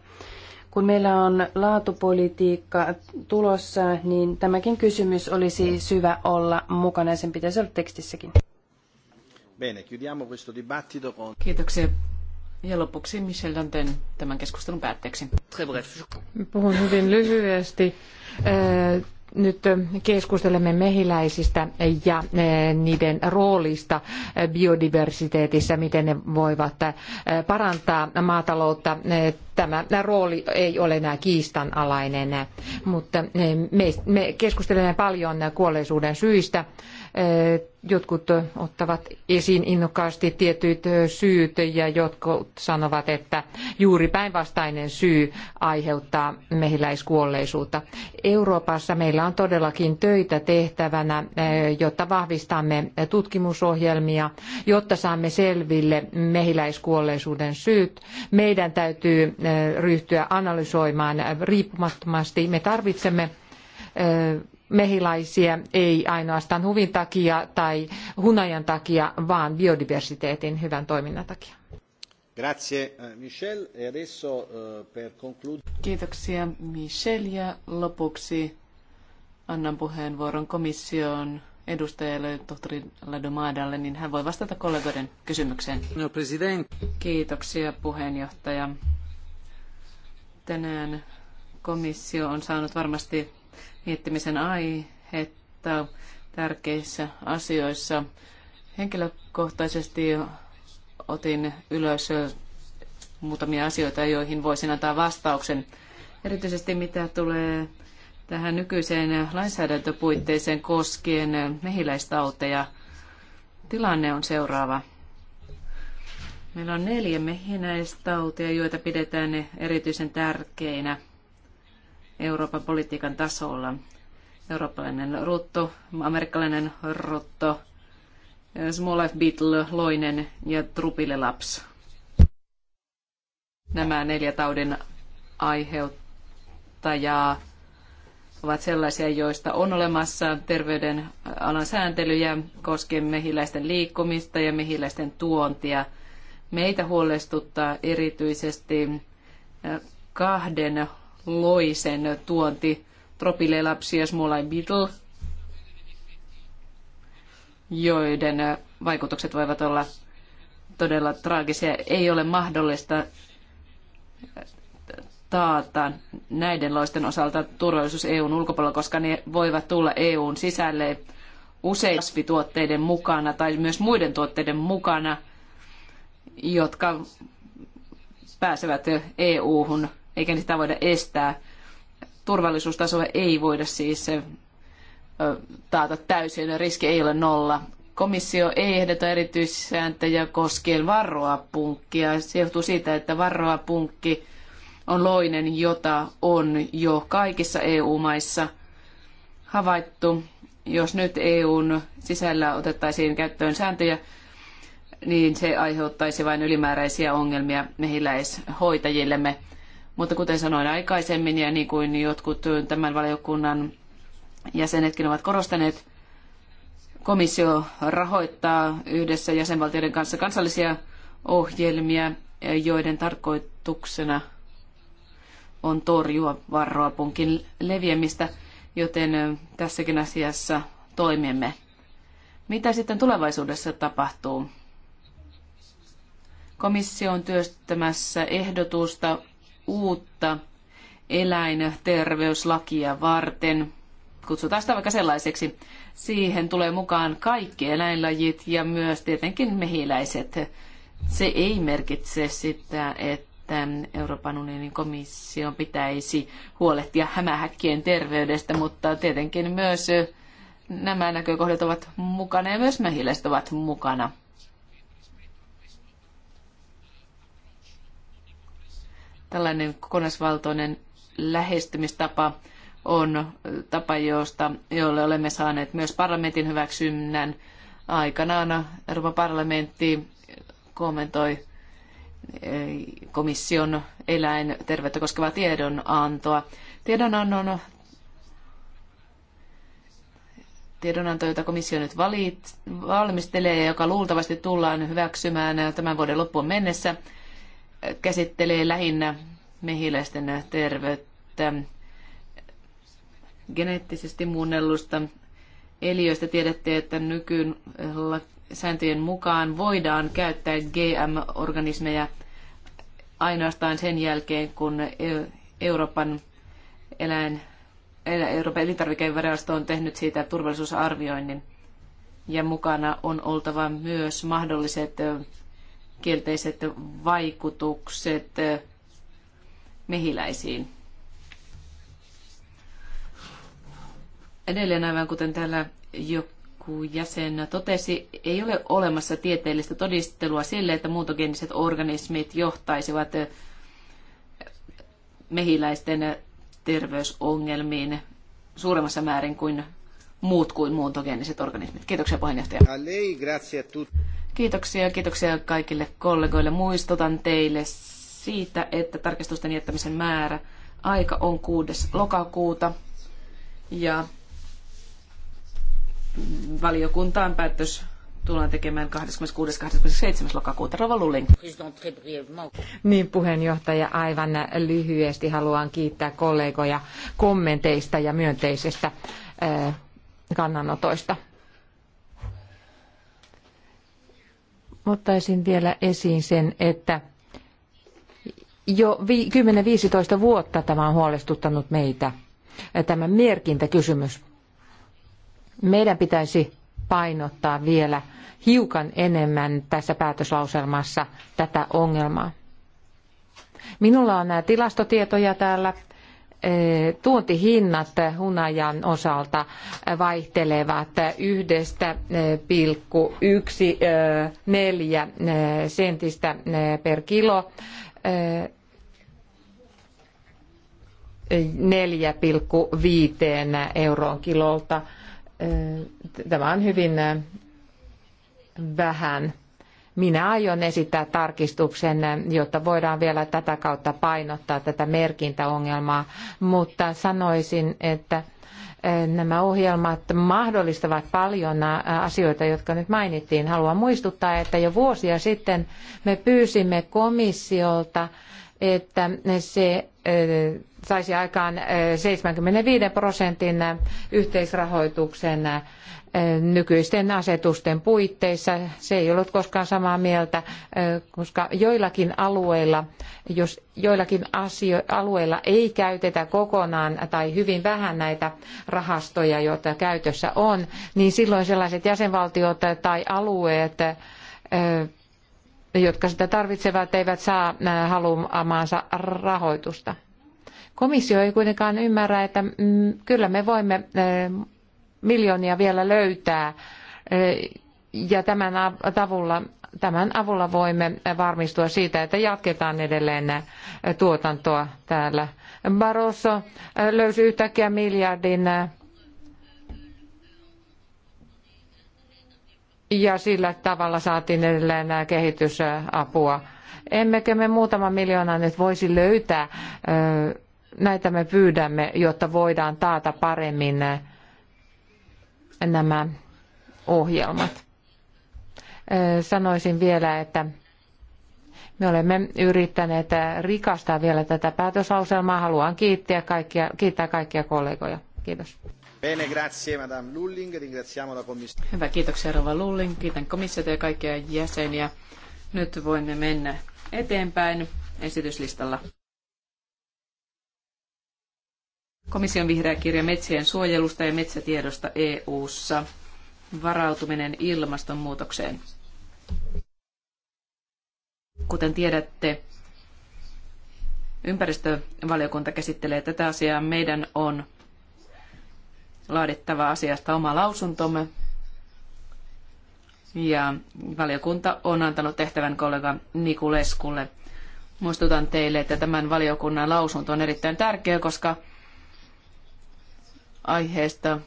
Kun meillä on laatupolitiikka tulossa, niin tämäkin kysymys olisi syvä olla mukana ja sen pitäisi olla tekstissäkin. Bene, chiudiamo questo dibattito con... Kiitoksia ja lopuksi Michel Danten tämän keskustelun päätteeksi. Puhun hyvin lyhyesti. Nyt keskustelemme mehiläisistä ja niiden roolista biodiversiteetissä, miten ne voivat parantaa maataloutta. Tämä rooli ei ole enää kiistanalainen, mutta me keskustelemme paljon kuolleisuuden syistä Jotkut ottavat esiin innokkaasti tietyt syyt ja jotkut sanovat, että juuri päinvastainen syy aiheuttaa mehiläiskuolleisuutta. Euroopassa meillä on todellakin töitä tehtävänä, jotta vahvistamme tutkimusohjelmia, jotta saamme selville mehiläiskuolleisuuden syyt. Meidän täytyy ryhtyä analysoimaan riippumattomasti. Me tarvitsemme mehiläisiä ei ainoastaan huvin takia tai hunajan takia, vaan biodiversiteetin hyvän toiminnan takia. Grazie eh, Michel. E adesso eh, per Kiitoksia Michel ja lopuksi annan puheenvuoron komission edustajalle, tohtori Ladomadalle, niin hän voi vastata kollegoiden kysymykseen. No, president. Kiitoksia puheenjohtaja. Tänään komissio on saanut varmasti miettimisen aihetta tärkeissä asioissa. Henkilökohtaisesti otin ylös muutamia asioita, joihin voisin antaa vastauksen. Erityisesti mitä tulee tähän nykyiseen lainsäädäntöpuitteeseen koskien mehiläistauteja. Tilanne on seuraava. Meillä on neljä mehinäistautia, joita pidetään erityisen tärkeinä – Euroopan politiikan tasolla. Eurooppalainen rutto, amerikkalainen rutto, Small Life Beetle, Loinen ja Trupille Laps. Nämä neljä taudin aiheuttajaa ovat sellaisia, joista on olemassa terveydenalan sääntelyjä koskien mehiläisten liikkumista ja mehiläisten tuontia. Meitä huolestuttaa erityisesti eh, kahden loisen tuonti Tropile Lapsi ja Beetle, joiden vaikutukset voivat olla todella traagisia. Ei ole mahdollista taata näiden loisten osalta turvallisuus EUn ulkopuolella, koska ne voivat tulla EUn sisälle usein kasvituotteiden mukana tai myös muiden tuotteiden mukana, jotka pääsevät EU-hun eikä sitä voida estää. Turvallisuustasoa ei voida siis taata täysin, riski ei ole nolla. Komissio ei ehdota erityissääntöjä koskien varroapunkkia. Se johtuu siitä, että varroapunkki on loinen, jota on jo kaikissa EU-maissa havaittu. Jos nyt EUn sisällä otettaisiin käyttöön sääntöjä, niin se aiheuttaisi vain ylimääräisiä ongelmia mehiläishoitajillemme. Mutta kuten sanoin aikaisemmin ja niin kuin jotkut tämän valiokunnan jäsenetkin ovat korostaneet, komissio rahoittaa yhdessä jäsenvaltioiden kanssa kansallisia ohjelmia, joiden tarkoituksena on torjua varroapunkin leviämistä, joten tässäkin asiassa toimimme. Mitä sitten tulevaisuudessa tapahtuu? Komissio on työstämässä ehdotusta uutta eläinterveyslakia varten. Kutsutaan sitä vaikka sellaiseksi. Siihen tulee mukaan kaikki eläinlajit ja myös tietenkin mehiläiset. Se ei merkitse sitä, että Euroopan unionin komission pitäisi huolehtia hämähäkkien terveydestä, mutta tietenkin myös nämä näkökohdat ovat mukana ja myös mehiläiset ovat mukana. Tällainen kokonaisvaltoinen lähestymistapa on tapa, josta, jolle olemme saaneet myös parlamentin hyväksynnän. Aikanaan Euroopan parlamentti kommentoi eh, komission eläinterveyttä koskevaa tiedonantoa. Tiedonannon tiedonanto, jota komissio nyt valit, valmistelee ja joka luultavasti tullaan hyväksymään tämän vuoden loppuun mennessä – käsittelee lähinnä mehiläisten terveyttä geneettisesti muunnellusta eliöistä. Tiedätte, että nykyyn sääntöjen mukaan voidaan käyttää GM-organismeja ainoastaan sen jälkeen, kun Euroopan eläin Euroopan elintarvikevirasto on tehnyt siitä turvallisuusarvioinnin ja mukana on oltava myös mahdolliset kielteiset vaikutukset eh, mehiläisiin. Edelleen aivan kuten täällä joku jäsen totesi, ei ole olemassa tieteellistä todistelua sille, että muuntogeeniset organismit johtaisivat eh, mehiläisten terveysongelmiin suuremmassa määrin kuin muut kuin muuntogeeniset organismit. Kiitoksia puheenjohtaja. Kiitoksia ja kiitoksia kaikille kollegoille. Muistutan teille siitä, että tarkistusten jättämisen määrä aika on 6. lokakuuta ja valiokuntaan päätös tullaan tekemään 26.–27. lokakuuta. Rova Lulling. Niin puheenjohtaja, aivan lyhyesti haluan kiittää kollegoja kommenteista ja myönteisestä eh, kannanotoista. ottaisin vielä esiin sen, että jo 10-15 vuotta tämä on huolestuttanut meitä, tämä merkintäkysymys. Meidän pitäisi painottaa vielä hiukan enemmän tässä päätöslauselmassa tätä ongelmaa. Minulla on nämä tilastotietoja täällä tuontihinnat hunajan osalta vaihtelevat yhdestä eh, yksi eh, neljä eh, sentistä per kilo neljä viiteen euroon kilolta. Tämä on hyvin vähän minä aion esittää tarkistuksen, jotta voidaan vielä tätä kautta painottaa tätä merkintäongelmaa, mutta sanoisin, että eh, nämä ohjelmat mahdollistavat paljon asioita, jotka nyt mainittiin. Haluan muistuttaa, että jo vuosia sitten me pyysimme komissiolta, että se saisi aikaan 75 prosentin yhteisrahoituksen nykyisten asetusten puitteissa. Se ei ollut koskaan samaa mieltä, koska joillakin alueilla, jos joillakin asio- alueilla ei käytetä kokonaan tai hyvin vähän näitä rahastoja, joita käytössä on, niin silloin sellaiset jäsenvaltiot tai alueet jotka sitä tarvitsevat, eivät saa äh, haluamaansa rahoitusta. Komissio ei kuitenkaan ymmärrä, että mm, kyllä me voimme äh, miljoonia vielä löytää äh, ja tämän avulla, tämän avulla voimme varmistua siitä, että jatketaan edelleen tuotantoa täällä. Barroso löysi yhtäkkiä miljardin ja sillä tavalla saatiin edelleen kehitysapua. Emmekö me muutama miljoona nyt voisi löytää, näitä me pyydämme, jotta voidaan taata paremmin nämä ohjelmat. Sanoisin vielä, että me olemme yrittäneet rikastaa vielä tätä päätöslauselmaa. Haluan kiittää kaikkia, kiittää kaikkia kollegoja. Kiitos. Bene, grazie Madame Lulling. Ringraziamo la commissione. Hyvä, kiitoksia Rova Lulling. Kiitän komissiota ja kaikkia jäseniä. Nyt voimme mennä eteenpäin esityslistalla. Komission vihreä kirja metsien suojelusta ja metsätiedosta EU-ssa. Varautuminen ilmastonmuutokseen. Kuten tiedätte, ympäristövaliokunta käsittelee tätä asiaa. Meidän on laadittava asiasta oma lausuntomme. Ja valiokunta on antanut tehtävän kollega Niku Leskulle. Muistutan teille, että tämän valiokunnan lausunto on erittäin tärkeä, koska aiheesta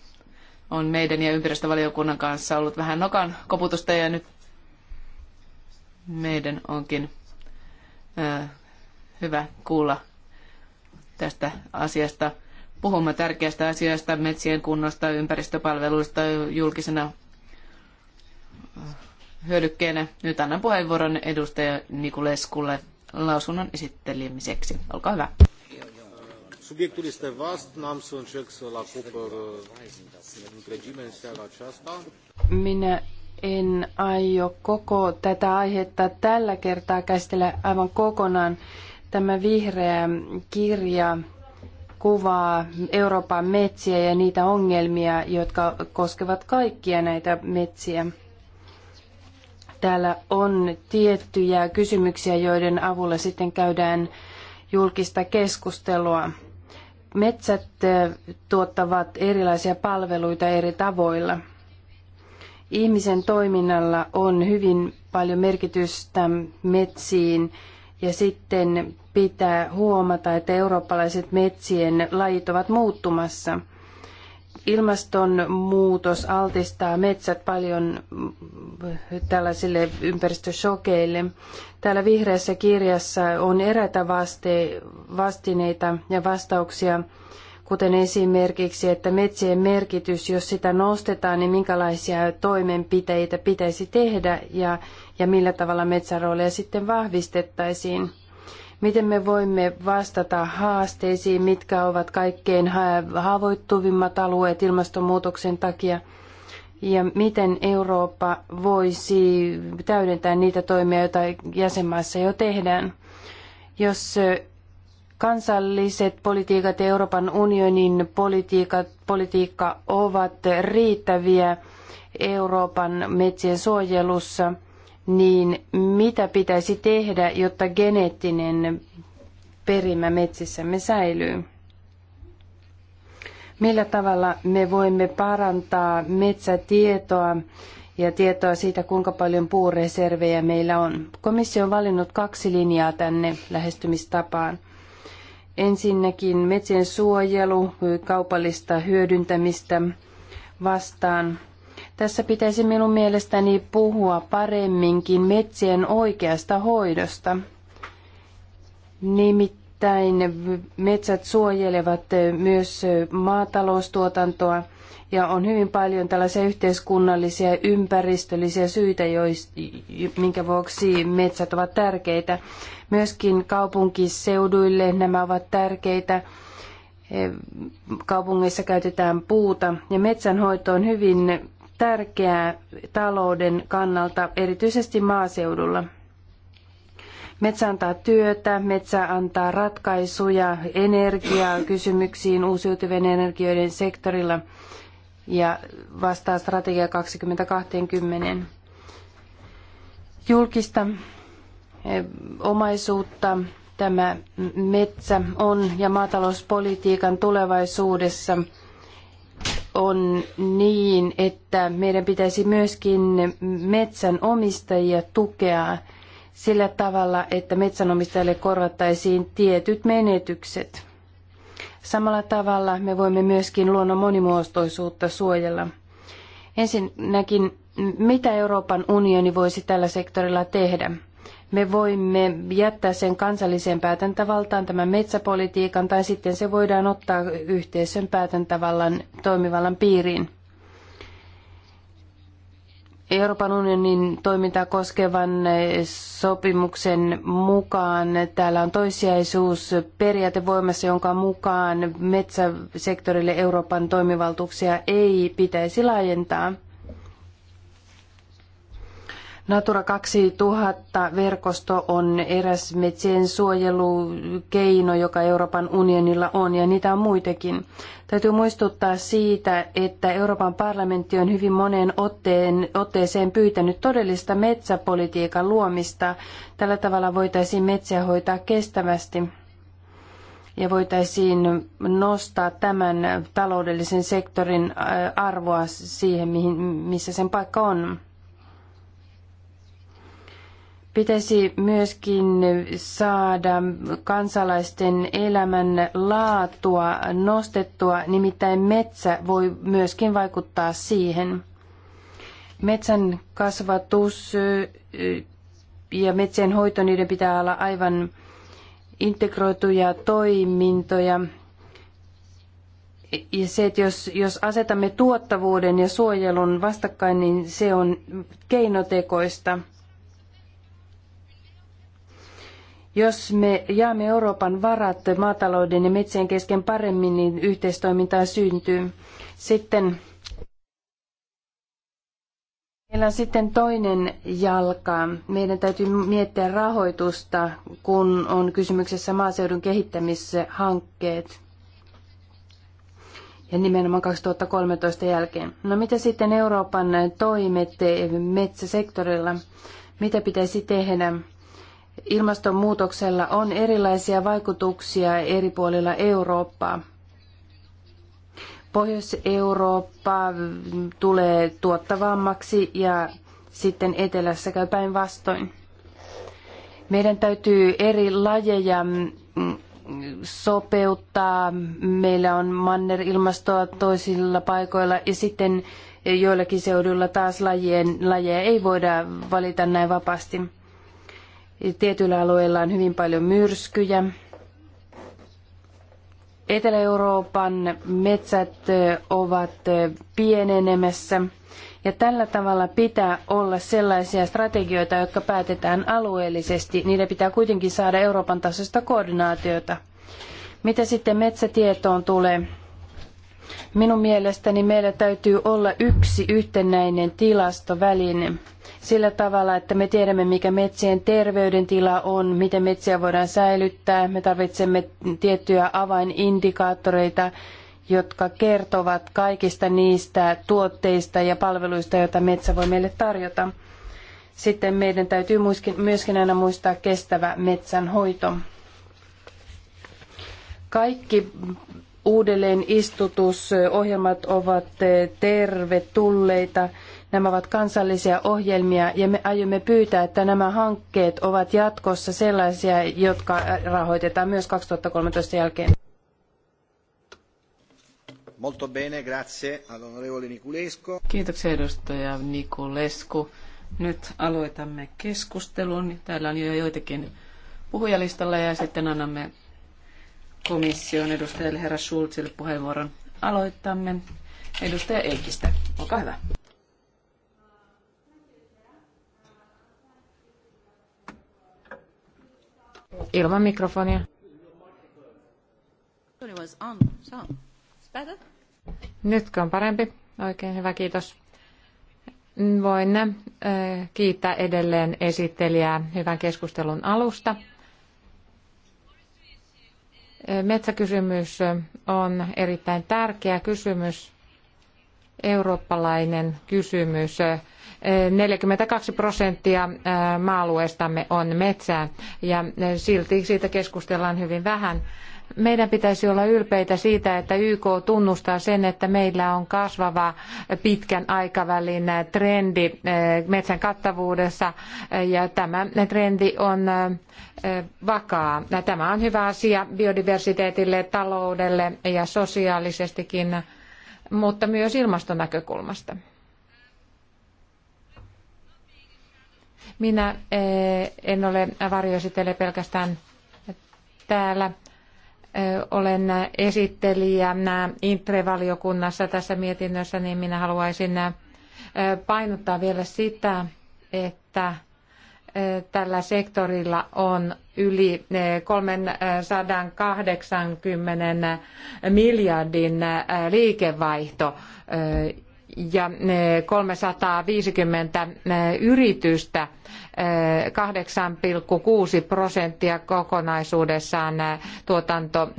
on meidän ja ympäristövaliokunnan kanssa ollut vähän nokan koputusta ja nyt meidän onkin hyvä kuulla tästä asiasta Puhumme tärkeästä asiasta, metsien kunnosta, ympäristöpalveluista julkisena äh, hyödykkeenä. Nyt annan puheenvuoron edustaja Nikuleskulle lausunnon esittelemiseksi. Olkaa hyvä. Subiectul este vast, n-am să încerc să-l acopăr întregime în seara aceasta. Minä en aio koko tätä aihetta tällä kertaa käsitellä aivan kokonaan. Tämä vihreä kirja kuvaa Euroopan metsiä ja niitä ongelmia, jotka koskevat kaikkia näitä metsiä. Täällä on tiettyjä kysymyksiä, joiden avulla sitten käydään julkista keskustelua. Metsät eh, tuottavat erilaisia palveluita eri tavoilla. Ihmisen toiminnalla on hyvin paljon merkitystä metsiin ja sitten pitää huomata, että eurooppalaiset metsien lajit ovat muuttumassa. Ilmastonmuutos altistaa metsät paljon tällaisille ympäristöshokeille. Täällä vihreässä kirjassa on eräitä vaste, vastineita ja vastauksia, kuten esimerkiksi, että metsien merkitys, jos sitä nostetaan, niin minkälaisia toimenpiteitä pitäisi tehdä ja ja millä tavalla metsärooleja sitten vahvistettaisiin. Miten me voimme vastata haasteisiin, mitkä ovat kaikkein haavoittuvimmat alueet ilmastonmuutoksen takia ja miten Eurooppa voisi täydentää niitä toimia, joita jäsenmaissa jo tehdään. Jos kansalliset politiikat ja Euroopan unionin politiikka ovat riittäviä Euroopan metsien suojelussa – niin mitä pitäisi tehdä, jotta geneettinen perimä metsissämme säilyy? Millä tavalla me voimme parantaa metsätietoa ja tietoa siitä, kuinka paljon puureservejä meillä on? Komissio on valinnut kaksi linjaa tänne lähestymistapaan. Ensinnäkin metsien suojelu kaupallista hyödyntämistä vastaan – tässä pitäisi minun mielestäni puhua paremminkin metsien oikeasta hoidosta. Nimittäin metsät suojelevat myös maataloustuotantoa ja on hyvin paljon tällaisia yhteiskunnallisia ja ympäristöllisiä syitä, jois, minkä vuoksi metsät ovat tärkeitä. Myöskin kaupunkiseuduille nämä ovat tärkeitä. Kaupungeissa käytetään puuta ja metsänhoito on hyvin tärkeää talouden kannalta, erityisesti maaseudulla. Metsä antaa työtä, metsä antaa ratkaisuja energiaa kysymyksiin uusiutuvien energioiden sektorilla ja vastaa strategia 2020. Julkista eh, omaisuutta tämä metsä on ja maatalouspolitiikan tulevaisuudessa – on niin, että meidän pitäisi myöskin metsänomistajia tukea sillä tavalla, että metsänomistajille korvattaisiin tietyt menetykset. Samalla tavalla me voimme myöskin luonnon monimuotoisuutta suojella. Ensinnäkin, mitä Euroopan unioni voisi tällä sektorilla tehdä? me voimme jättää sen kansalliseen päätäntävaltaan, tämän metsäpolitiikan, tai sitten se voidaan ottaa yhteisön päätäntävallan toimivallan piiriin. Euroopan unionin toimintaa koskevan sopimuksen mukaan täällä on toissijaisuusperiaate voimassa, jonka mukaan metsäsektorille Euroopan toimivaltuuksia ei pitäisi laajentaa – Natura 2000-verkosto on eräs metsien suojelukeino, joka Euroopan unionilla on, ja niitä on muitakin. Täytyy muistuttaa siitä, että Euroopan parlamentti on hyvin moneen otteen, otteeseen pyytänyt todellista metsäpolitiikan luomista. Tällä tavalla voitaisiin metsiä hoitaa kestävästi ja voitaisiin nostaa tämän taloudellisen sektorin arvoa siihen, missä sen paikka on. Pitäisi myöskin saada kansalaisten elämän laatua nostettua, nimittäin metsä voi myöskin vaikuttaa siihen. Metsän kasvatus ja metsien hoito, niiden pitää olla aivan integroituja toimintoja. Ja se, että jos, jos asetamme tuottavuuden ja suojelun vastakkain, niin se on keinotekoista – Jos me jaamme Euroopan varat maatalouden ja metsien kesken paremmin, niin yhteistoimintaa syntyy. Sitten Meillä on sitten toinen jalka. Meidän täytyy miettiä rahoitusta, kun on kysymyksessä maaseudun kehittämishankkeet. Ja nimenomaan 2013 jälkeen. No mitä sitten Euroopan toimet metsäsektorilla? Mitä pitäisi tehdä? ilmastonmuutoksella on erilaisia vaikutuksia eri puolilla Eurooppaa. Pohjois-Eurooppa tulee tuottavammaksi ja sitten etelässä käy päinvastoin. Meidän täytyy eri lajeja mm, sopeuttaa. Meillä on mannerilmastoa toisilla paikoilla ja sitten joillakin seuduilla taas lajien, lajeja ei voida valita näin vapaasti. Tietyillä alueilla on hyvin paljon myrskyjä. Etelä-Euroopan metsät ovat pienenemässä ja tällä tavalla pitää olla sellaisia strategioita, jotka päätetään alueellisesti. Niiden pitää kuitenkin saada Euroopan tasoista koordinaatiota. Mitä sitten metsätietoon tulee? Minun mielestäni meillä täytyy olla yksi yhtenäinen tilastoväline sillä tavalla, että me tiedämme, mikä metsien terveydentila on, miten metsiä voidaan säilyttää. Me tarvitsemme tiettyjä avainindikaattoreita, jotka kertovat kaikista niistä tuotteista ja palveluista, joita metsä voi meille tarjota. Sitten meidän täytyy myöskin aina muistaa kestävä metsänhoito. Kaikki uudelleen istutusohjelmat ovat tervetulleita. Nämä ovat kansallisia ohjelmia ja me aiomme pyytää, että nämä hankkeet ovat jatkossa sellaisia, jotka rahoitetaan myös 2013 jälkeen. Molto bene, grazie all'onorevole Niculesco. Kiitoksia edustaja Niculescu. Nyt aloitamme keskustelun. Täällä on jo joitakin puhujalistalla ja sitten annamme komission edustajalle herra Schulzille puheenvuoron. aloittamme. edustaja Eikistä. Olkaa hyvä. Ilman mikrofonia. Nytkö on parempi? Oikein hyvä, kiitos. Voin äh, kiittää edelleen esittelijää hyvän keskustelun alusta. Metsäkysymys on erittäin tärkeä kysymys, eurooppalainen kysymys. 42 prosenttia maa-alueestamme on metsää ja silti siitä keskustellaan hyvin vähän. Meidän pitäisi olla ylpeitä siitä, että YK tunnustaa sen, että meillä on kasvava pitkän aikavälin trendi eh, metsän kattavuudessa eh, ja tämä trendi on eh, vakaa. Tämä on hyvä asia biodiversiteetille, taloudelle ja sosiaalisestikin, mutta myös ilmastonäkökulmasta. Minä en ole varjoesitelle pelkästään täällä olen esittelijänä Intre-valiokunnassa tässä mietinnössä, niin minä haluaisin painottaa vielä sitä, että tällä sektorilla on yli 380 miljardin liikevaihto ja 350 e, e, yritystä 8,6 e, prosenttia kokonaisuudessaan tuotanto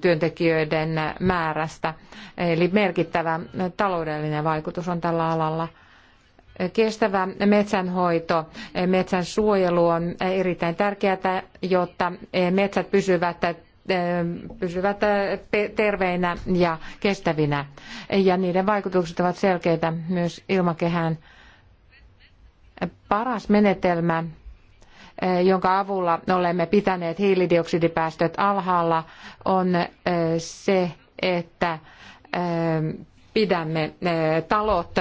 työntekijöiden määrästä. Eli merkittävä taloudellinen vaikutus on tällä alalla. Kestävä metsänhoito, metsän suojelu on erittäin tärkeää, jotta metsät pysyvät Eh, pysyvät eh, terveinä ja kestävinä. Ja niiden vaikutukset ovat selkeitä myös ilmakehään. Paras menetelmä, eh, jonka avulla olemme pitäneet hiilidioksidipäästöt alhaalla, on se, että pidämme talot,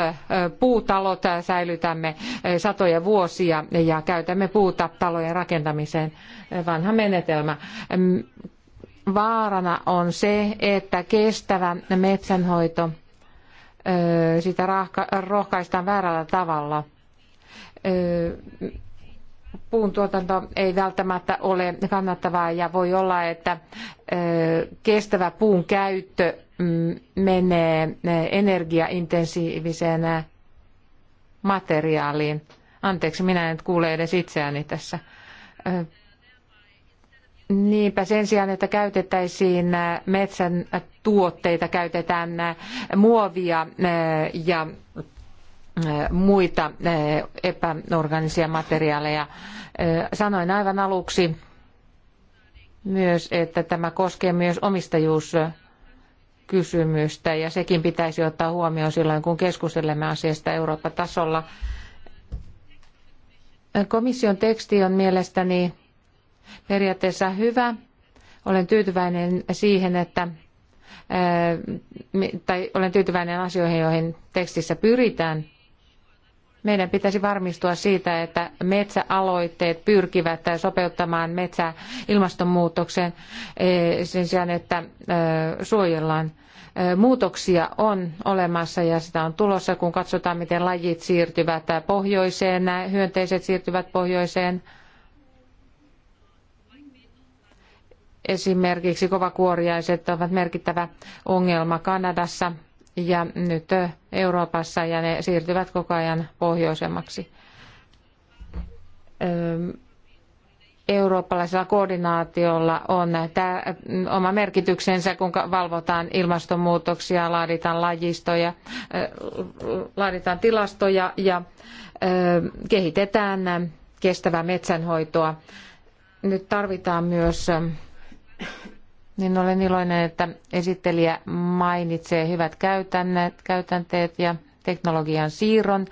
puutalot, säilytämme satoja vuosia ja käytämme puuta talojen rakentamiseen. Vanha menetelmä. Mm, vaarana on se, että kestävä metsänhoito sitä rohkaistaan väärällä tavalla. Puun tuotanto ei välttämättä ole kannattavaa ja voi olla, että kestävä puun käyttö mm, menee energiaintensiiviseen materiaaliin. Anteeksi, minä en kuule edes itseäni tässä. Niinpä sen sijaan, että käytettäisiin äh, metsän tuotteita, käytetään äh, muovia äh, ja muita epäorganisia materiaaleja. Sanoin aivan aluksi myös, että tämä koskee myös omistajuuskysymystä ja sekin pitäisi ottaa huomioon silloin, kun keskustelemme asiasta Eurooppa-tasolla. Komission teksti on mielestäni periaatteessa hyvä. Olen tyytyväinen siihen, että eh, tai olen tyytyväinen asioihin, joihin tekstissä pyritään. Meidän pitäisi varmistua siitä, että metsäaloitteet pyrkivät sopeuttamaan metsää ilmastonmuutokseen eh, sen sijaan, että eh, suojellaan. Muutoksia on olemassa ja sitä on tulossa, kun katsotaan, miten lajit siirtyvät pohjoiseen, hyönteiset siirtyvät pohjoiseen, Esimerkiksi kovakuoriaiset ovat merkittävä ongelma Kanadassa ja nyt Euroopassa ja ne siirtyvät koko ajan pohjoisemmaksi. Eurooppalaisella koordinaatiolla on oma merkityksensä, kun valvotaan ilmastonmuutoksia, laaditaan lajistoja, laaditaan tilastoja ja kehitetään kestävää metsänhoitoa. Nyt tarvitaan myös niin olen iloinen, että esittelijä mainitsee hyvät käytännöt, käytänteet ja teknologian siirron.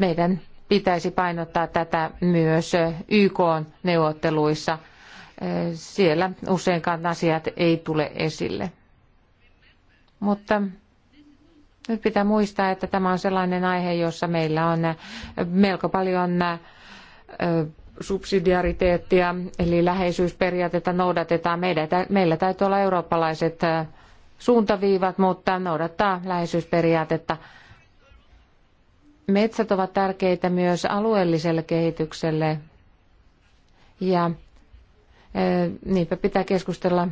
Meidän pitäisi painottaa tätä myös YK-neuvotteluissa. Eh, siellä useinkaan asiat ei tule esille. Mutta nyt pitää muistaa, että tämä on sellainen aihe, jossa meillä on melko paljon eh, subsidiariteettia eli läheisyysperiaatetta noudatetaan. Meidän, meillä täytyy olla eurooppalaiset suuntaviivat, mutta noudattaa läheisyysperiaatetta. Metsät ovat tärkeitä myös alueelliselle kehitykselle ja niinpä pitää keskustella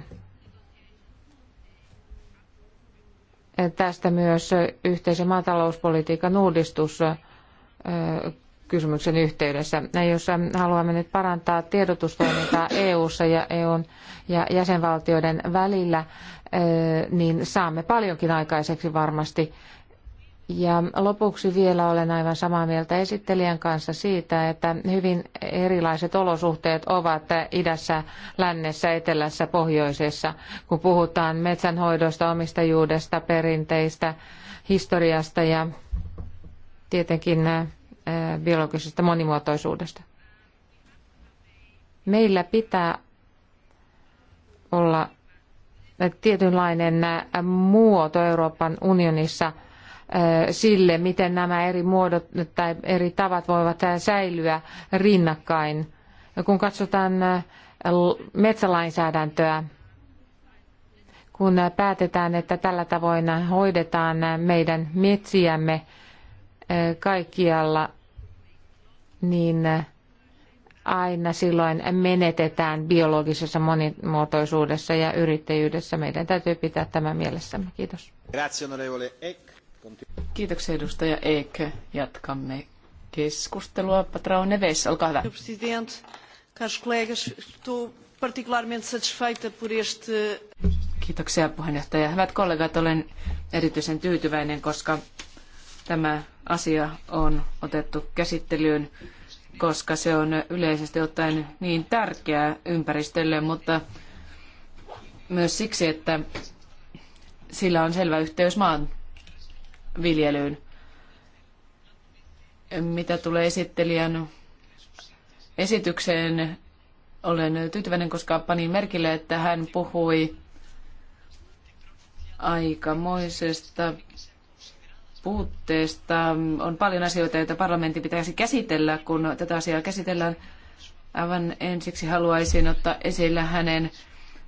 tästä myös yhteisen maatalouspolitiikan uudistus kysymyksen yhteydessä, jossa haluamme nyt parantaa tiedotustoimintaa EU-ssa ja EUn ja jäsenvaltioiden välillä, eh, niin saamme paljonkin aikaiseksi varmasti. Ja lopuksi vielä olen aivan samaa mieltä esittelijän kanssa siitä, että hyvin erilaiset olosuhteet ovat idässä, lännessä, etelässä, pohjoisessa, kun puhutaan metsänhoidosta, omistajuudesta, perinteistä, historiasta ja tietenkin eh, biologisesta monimuotoisuudesta. Meillä pitää olla tietynlainen muoto Euroopan unionissa sille, miten nämä eri muodot tai eri tavat voivat säilyä rinnakkain. Kun katsotaan metsälainsäädäntöä, kun päätetään, että tällä tavoin hoidetaan meidän metsiämme, kaikkialla, niin aina silloin menetetään biologisessa monimuotoisuudessa ja yrittäjyydessä. Meidän täytyy pitää tämä mielessämme. Kiitos. Kiitoksia edustaja Eek. Jatkamme keskustelua. Patrao Neves, olkaa hyvä. Kiitoksia puheenjohtaja. Hyvät kollegat, olen erityisen tyytyväinen, koska tämä asia on otettu käsittelyyn, koska se on yleisesti ottaen niin tärkeää ympäristölle, mutta myös siksi, että sillä on selvä yhteys maan viljelyyn. Mitä tulee esittelijän esitykseen, olen tyytyväinen, koska panin merkille, että hän puhui aikamoisesta puutteesta. On paljon asioita, joita parlamentti pitäisi käsitellä, kun tätä asiaa käsitellään. Aivan ensiksi haluaisin ottaa esille hänen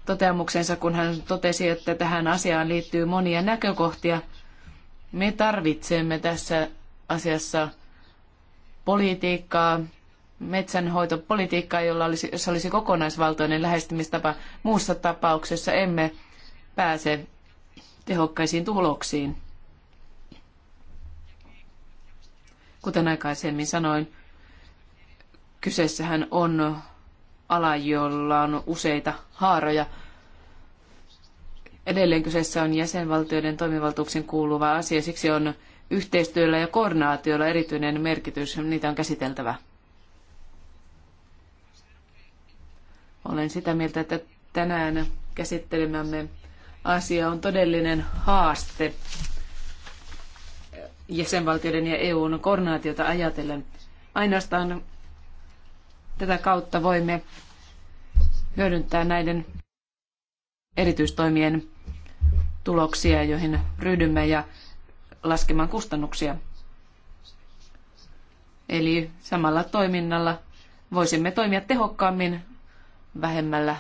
toteamuksensa, kun hän totesi, että tähän asiaan liittyy monia näkökohtia. Me tarvitsemme tässä asiassa politiikkaa, metsänhoitopolitiikkaa, jolla olisi, jossa olisi kokonaisvaltoinen lähestymistapa. Muussa tapauksessa emme pääse tehokkaisiin tuloksiin. Kuten aikaisemmin sanoin, kyseessähän on ala, jolla on useita haaroja. Edelleen kyseessä on jäsenvaltioiden toimivaltuuksiin kuuluva asia, siksi on yhteistyöllä ja koordinaatiolla erityinen merkitys, niitä on käsiteltävä. Olen sitä mieltä, että tänään käsittelemämme asia on todellinen haaste jäsenvaltioiden ja EUn koordinaatiota ajatellen. Ainoastaan tätä kautta voimme hyödyntää näiden erityistoimien tuloksia, joihin ryhdymme ja laskemaan kustannuksia. Eli samalla toiminnalla voisimme toimia tehokkaammin vähemmällä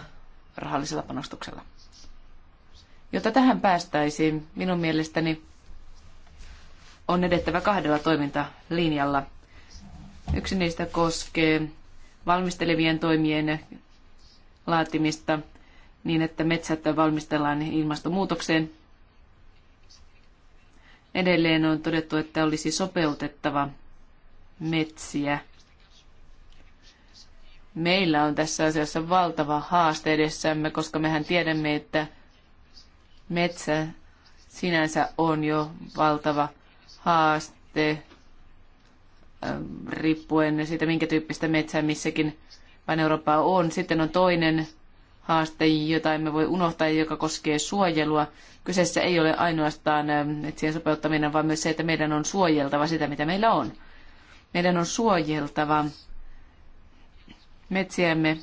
rahallisella panostuksella. Jotta tähän päästäisiin, minun mielestäni on edettävä kahdella toimintalinjalla. Yksi niistä koskee valmistelevien toimien laatimista niin, että metsät valmistellaan ilmastonmuutokseen. Edelleen on todettu, että olisi sopeutettava metsiä. Meillä on tässä asiassa valtava haaste edessämme, koska mehän tiedämme, että metsä sinänsä on jo valtava haaste äh, riippuen siitä, minkä tyyppistä metsää missäkin vain Eurooppaa on. Sitten on toinen haaste, jota emme voi unohtaa, joka koskee suojelua. Kyseessä ei ole ainoastaan ähm, metsien sopeuttaminen, vaan myös se, että meidän on suojeltava sitä, mitä meillä on. Meidän on suojeltava metsiämme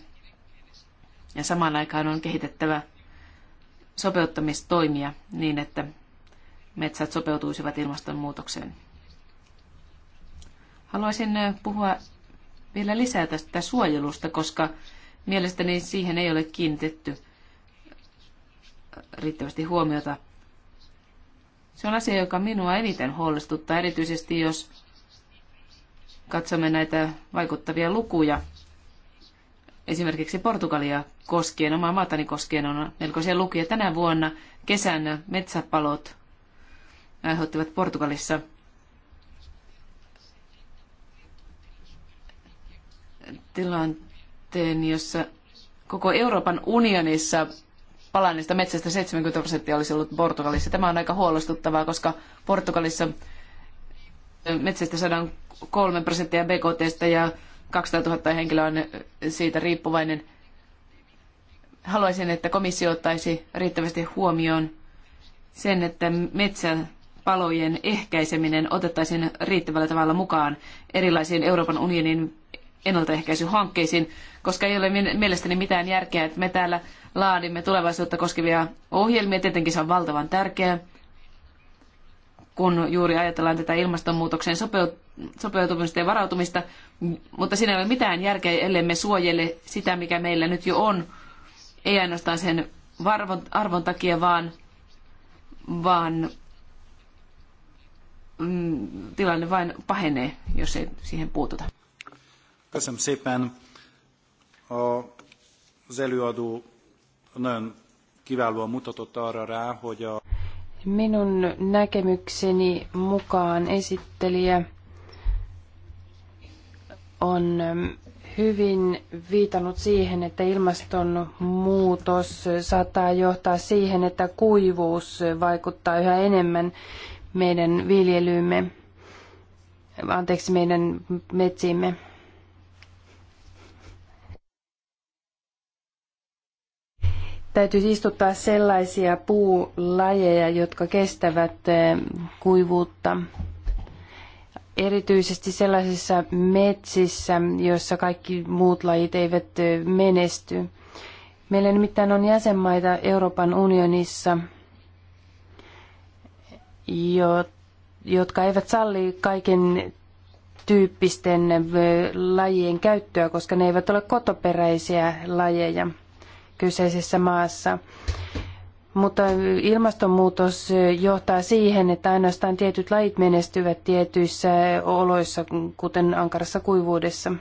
ja samaan aikaan on kehitettävä sopeuttamistoimia niin, että metsät sopeutuisivat ilmastonmuutokseen. Haluaisin äh, puhua vielä lisää tästä suojelusta, koska mielestäni siihen ei ole kiinnitetty riittävästi huomiota. Se on asia, joka minua eniten huolestuttaa, erityisesti jos katsomme näitä vaikuttavia lukuja. Esimerkiksi Portugalia koskien, omaa maatani koskien on melkoisia lukuja. Tänä vuonna kesän metsäpalot aiheuttivat Portugalissa. tilanteen, jossa koko Euroopan unionissa palanneista metsästä 70 prosenttia olisi ollut Portugalissa. Tämä on aika huolestuttavaa, koska Portugalissa metsästä saadaan 3 prosenttia BKTstä ja 200 000 henkilöä on siitä riippuvainen. Haluaisin, että komissio ottaisi riittävästi huomioon sen, että metsän palojen ehkäiseminen otettaisiin riittävällä tavalla mukaan erilaisiin Euroopan unionin ennaltaehkäisyhankkeisiin, koska ei ole mielestäni mitään järkeä, että me täällä laadimme tulevaisuutta koskevia ohjelmia. Tietenkin se on valtavan tärkeää, kun juuri ajatellaan tätä ilmastonmuutokseen sopeutumista ja varautumista, mutta siinä ei ole mitään järkeä, ellei me suojele sitä, mikä meillä nyt jo on, ei ainoastaan sen arvon, arvon takia, vaan, vaan Mm, tilanne vain pahenee, jos ei siihen puututa. Köszönöm szépen. Az előadó nagyon kiválóan mutatott arra rá, hogy a... Minun näkemykseni mukaan esittelijä on mm, hyvin viitannut siihen, että ilmastonmuutos saattaa johtaa siihen, että kuivuus vaikuttaa yhä enemmän meidän viljelyymme, anteeksi meidän metsimme. Täytyy istuttaa sellaisia puulajeja, jotka kestävät eh, kuivuutta. Erityisesti sellaisissa metsissä, joissa kaikki muut lajit eivät eh, menesty. Meillä nimittäin on jäsenmaita Euroopan unionissa, jotka eivät salli kaiken tyyppisten lajien käyttöä, koska ne eivät ole kotoperäisiä lajeja kyseisessä maassa. Mutta ilmastonmuutos johtaa siihen, että ainoastaan tietyt lajit menestyvät tietyissä oloissa, kuten ankarassa kuivuudessa.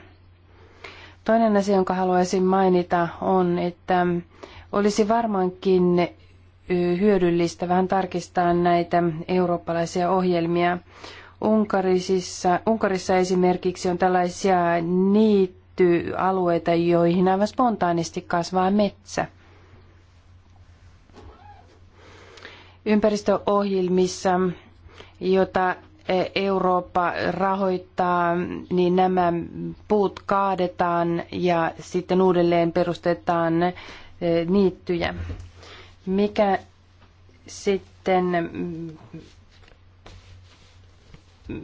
Toinen asia, jonka haluaisin mainita, on, että olisi varmaankin hyödyllistä vähän tarkistaa näitä eurooppalaisia ohjelmia. Unkarisissa, Unkarissa esimerkiksi on tällaisia niittyalueita, joihin aivan spontaanisti kasvaa metsä. Ympäristöohjelmissa, jota e, Eurooppa rahoittaa, niin nämä puut kaadetaan ja sitten uudelleen perustetaan e, niittyjä. Mikä sitten,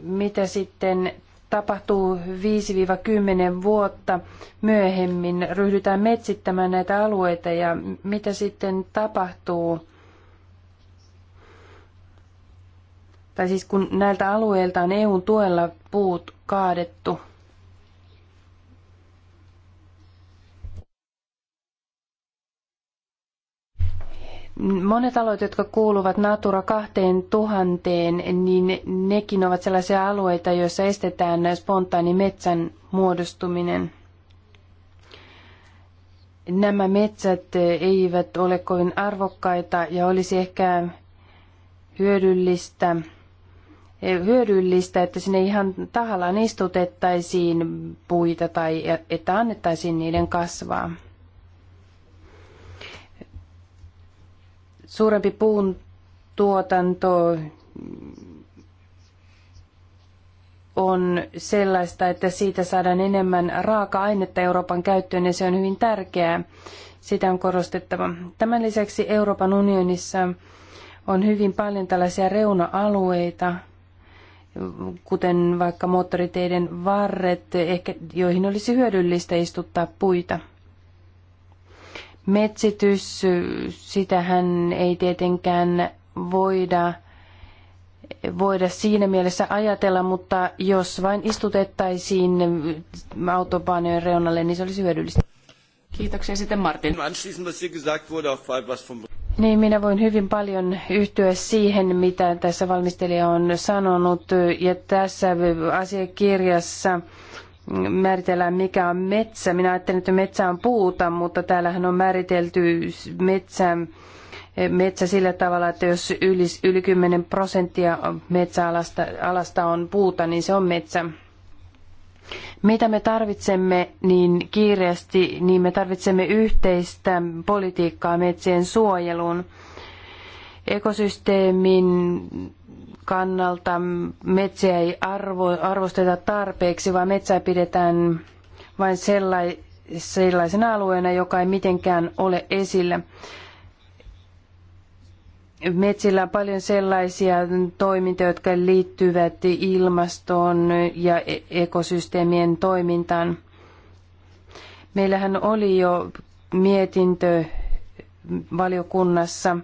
mitä sitten tapahtuu 5-10 vuotta myöhemmin, ryhdytään metsittämään näitä alueita ja mitä sitten tapahtuu, tai siis kun näiltä alueilta on EUn tuella puut kaadettu – Monet alueet, jotka kuuluvat Natura 2000, niin nekin ovat sellaisia alueita, joissa estetään spontaani metsän muodostuminen. Nämä metsät eivät ole kovin arvokkaita ja olisi ehkä hyödyllistä, hyödyllistä että sinne ihan tahallaan istutettaisiin puita tai että annettaisiin niiden kasvaa. Suurempi puun tuotanto on sellaista, että siitä saadaan enemmän raaka-ainetta Euroopan käyttöön ja se on hyvin tärkeää. Sitä on korostettava. Tämän lisäksi Euroopan unionissa on hyvin paljon tällaisia reuna-alueita, kuten vaikka moottoriteiden varret, ehkä joihin olisi hyödyllistä istuttaa puita. Metsitys, sitähän ei tietenkään voida, voida siinä mielessä ajatella, mutta jos vain istutettaisiin autopaneen reunalle, niin se olisi hyödyllistä. Kiitoksia sitten Martin. Niin, minä voin hyvin paljon yhtyä siihen, mitä tässä valmistelija on sanonut. Ja tässä asiakirjassa määritellään, mikä on metsä. Minä ajattelin, että metsä on puuta, mutta täällähän on määritelty metsä, metsä sillä tavalla, että jos yli, yli 10 prosenttia metsäalasta alasta on puuta, niin se on metsä. Mitä me tarvitsemme niin kiireesti, niin me tarvitsemme yhteistä politiikkaa metsien suojeluun. Ekosysteemin kannalta metsiä ei arvo, arvosteta tarpeeksi, vaan metsää pidetään vain sellai, sellaisena alueena, joka ei mitenkään ole esillä. Metsillä on paljon sellaisia toimintoja, jotka liittyvät ilmastoon ja e-, ekosysteemien toimintaan. Meillähän oli jo mietintö valiokunnassa,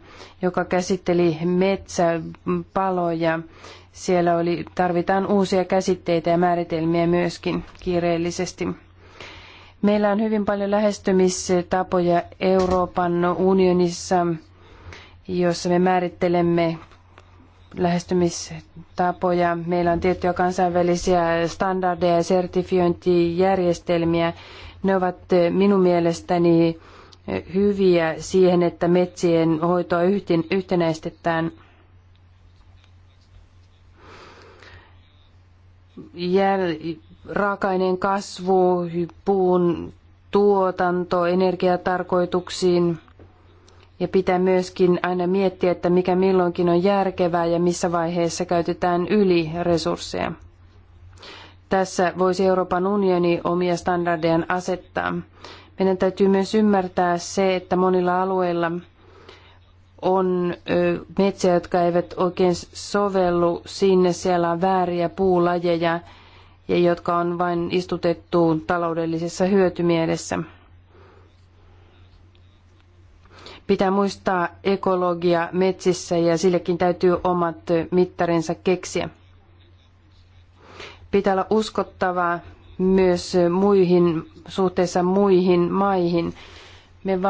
joka käsitteli metsäpaloja. Siellä oli, tarvitaan uusia käsitteitä ja määritelmiä myöskin kiireellisesti. Meillä on hyvin paljon lähestymistapoja Euroopan unionissa, jossa me määrittelemme lähestymistapoja. Meillä on tiettyjä kansainvälisiä standardeja ja sertifiointijärjestelmiä. Ne ovat minun mielestäni hyviä siihen, että metsien hoitoa yhtenäistetään. Jäl- raaka-aineen kasvu, puun tuotanto energiatarkoituksiin ja pitää myöskin aina miettiä, että mikä milloinkin on järkevää ja missä vaiheessa käytetään yli resursseja. Tässä voisi Euroopan unioni omia standardejaan asettaa. Meidän täytyy myös ymmärtää se, että monilla alueilla on metsiä, jotka eivät oikein sovellu sinne. Siellä on vääriä puulajeja, ja jotka on vain istutettu taloudellisessa hyötymielessä. Pitää muistaa ekologia metsissä ja sillekin täytyy omat mittarinsa keksiä. Pitää olla uskottavaa myös muihin, suhteessa muihin maihin. Me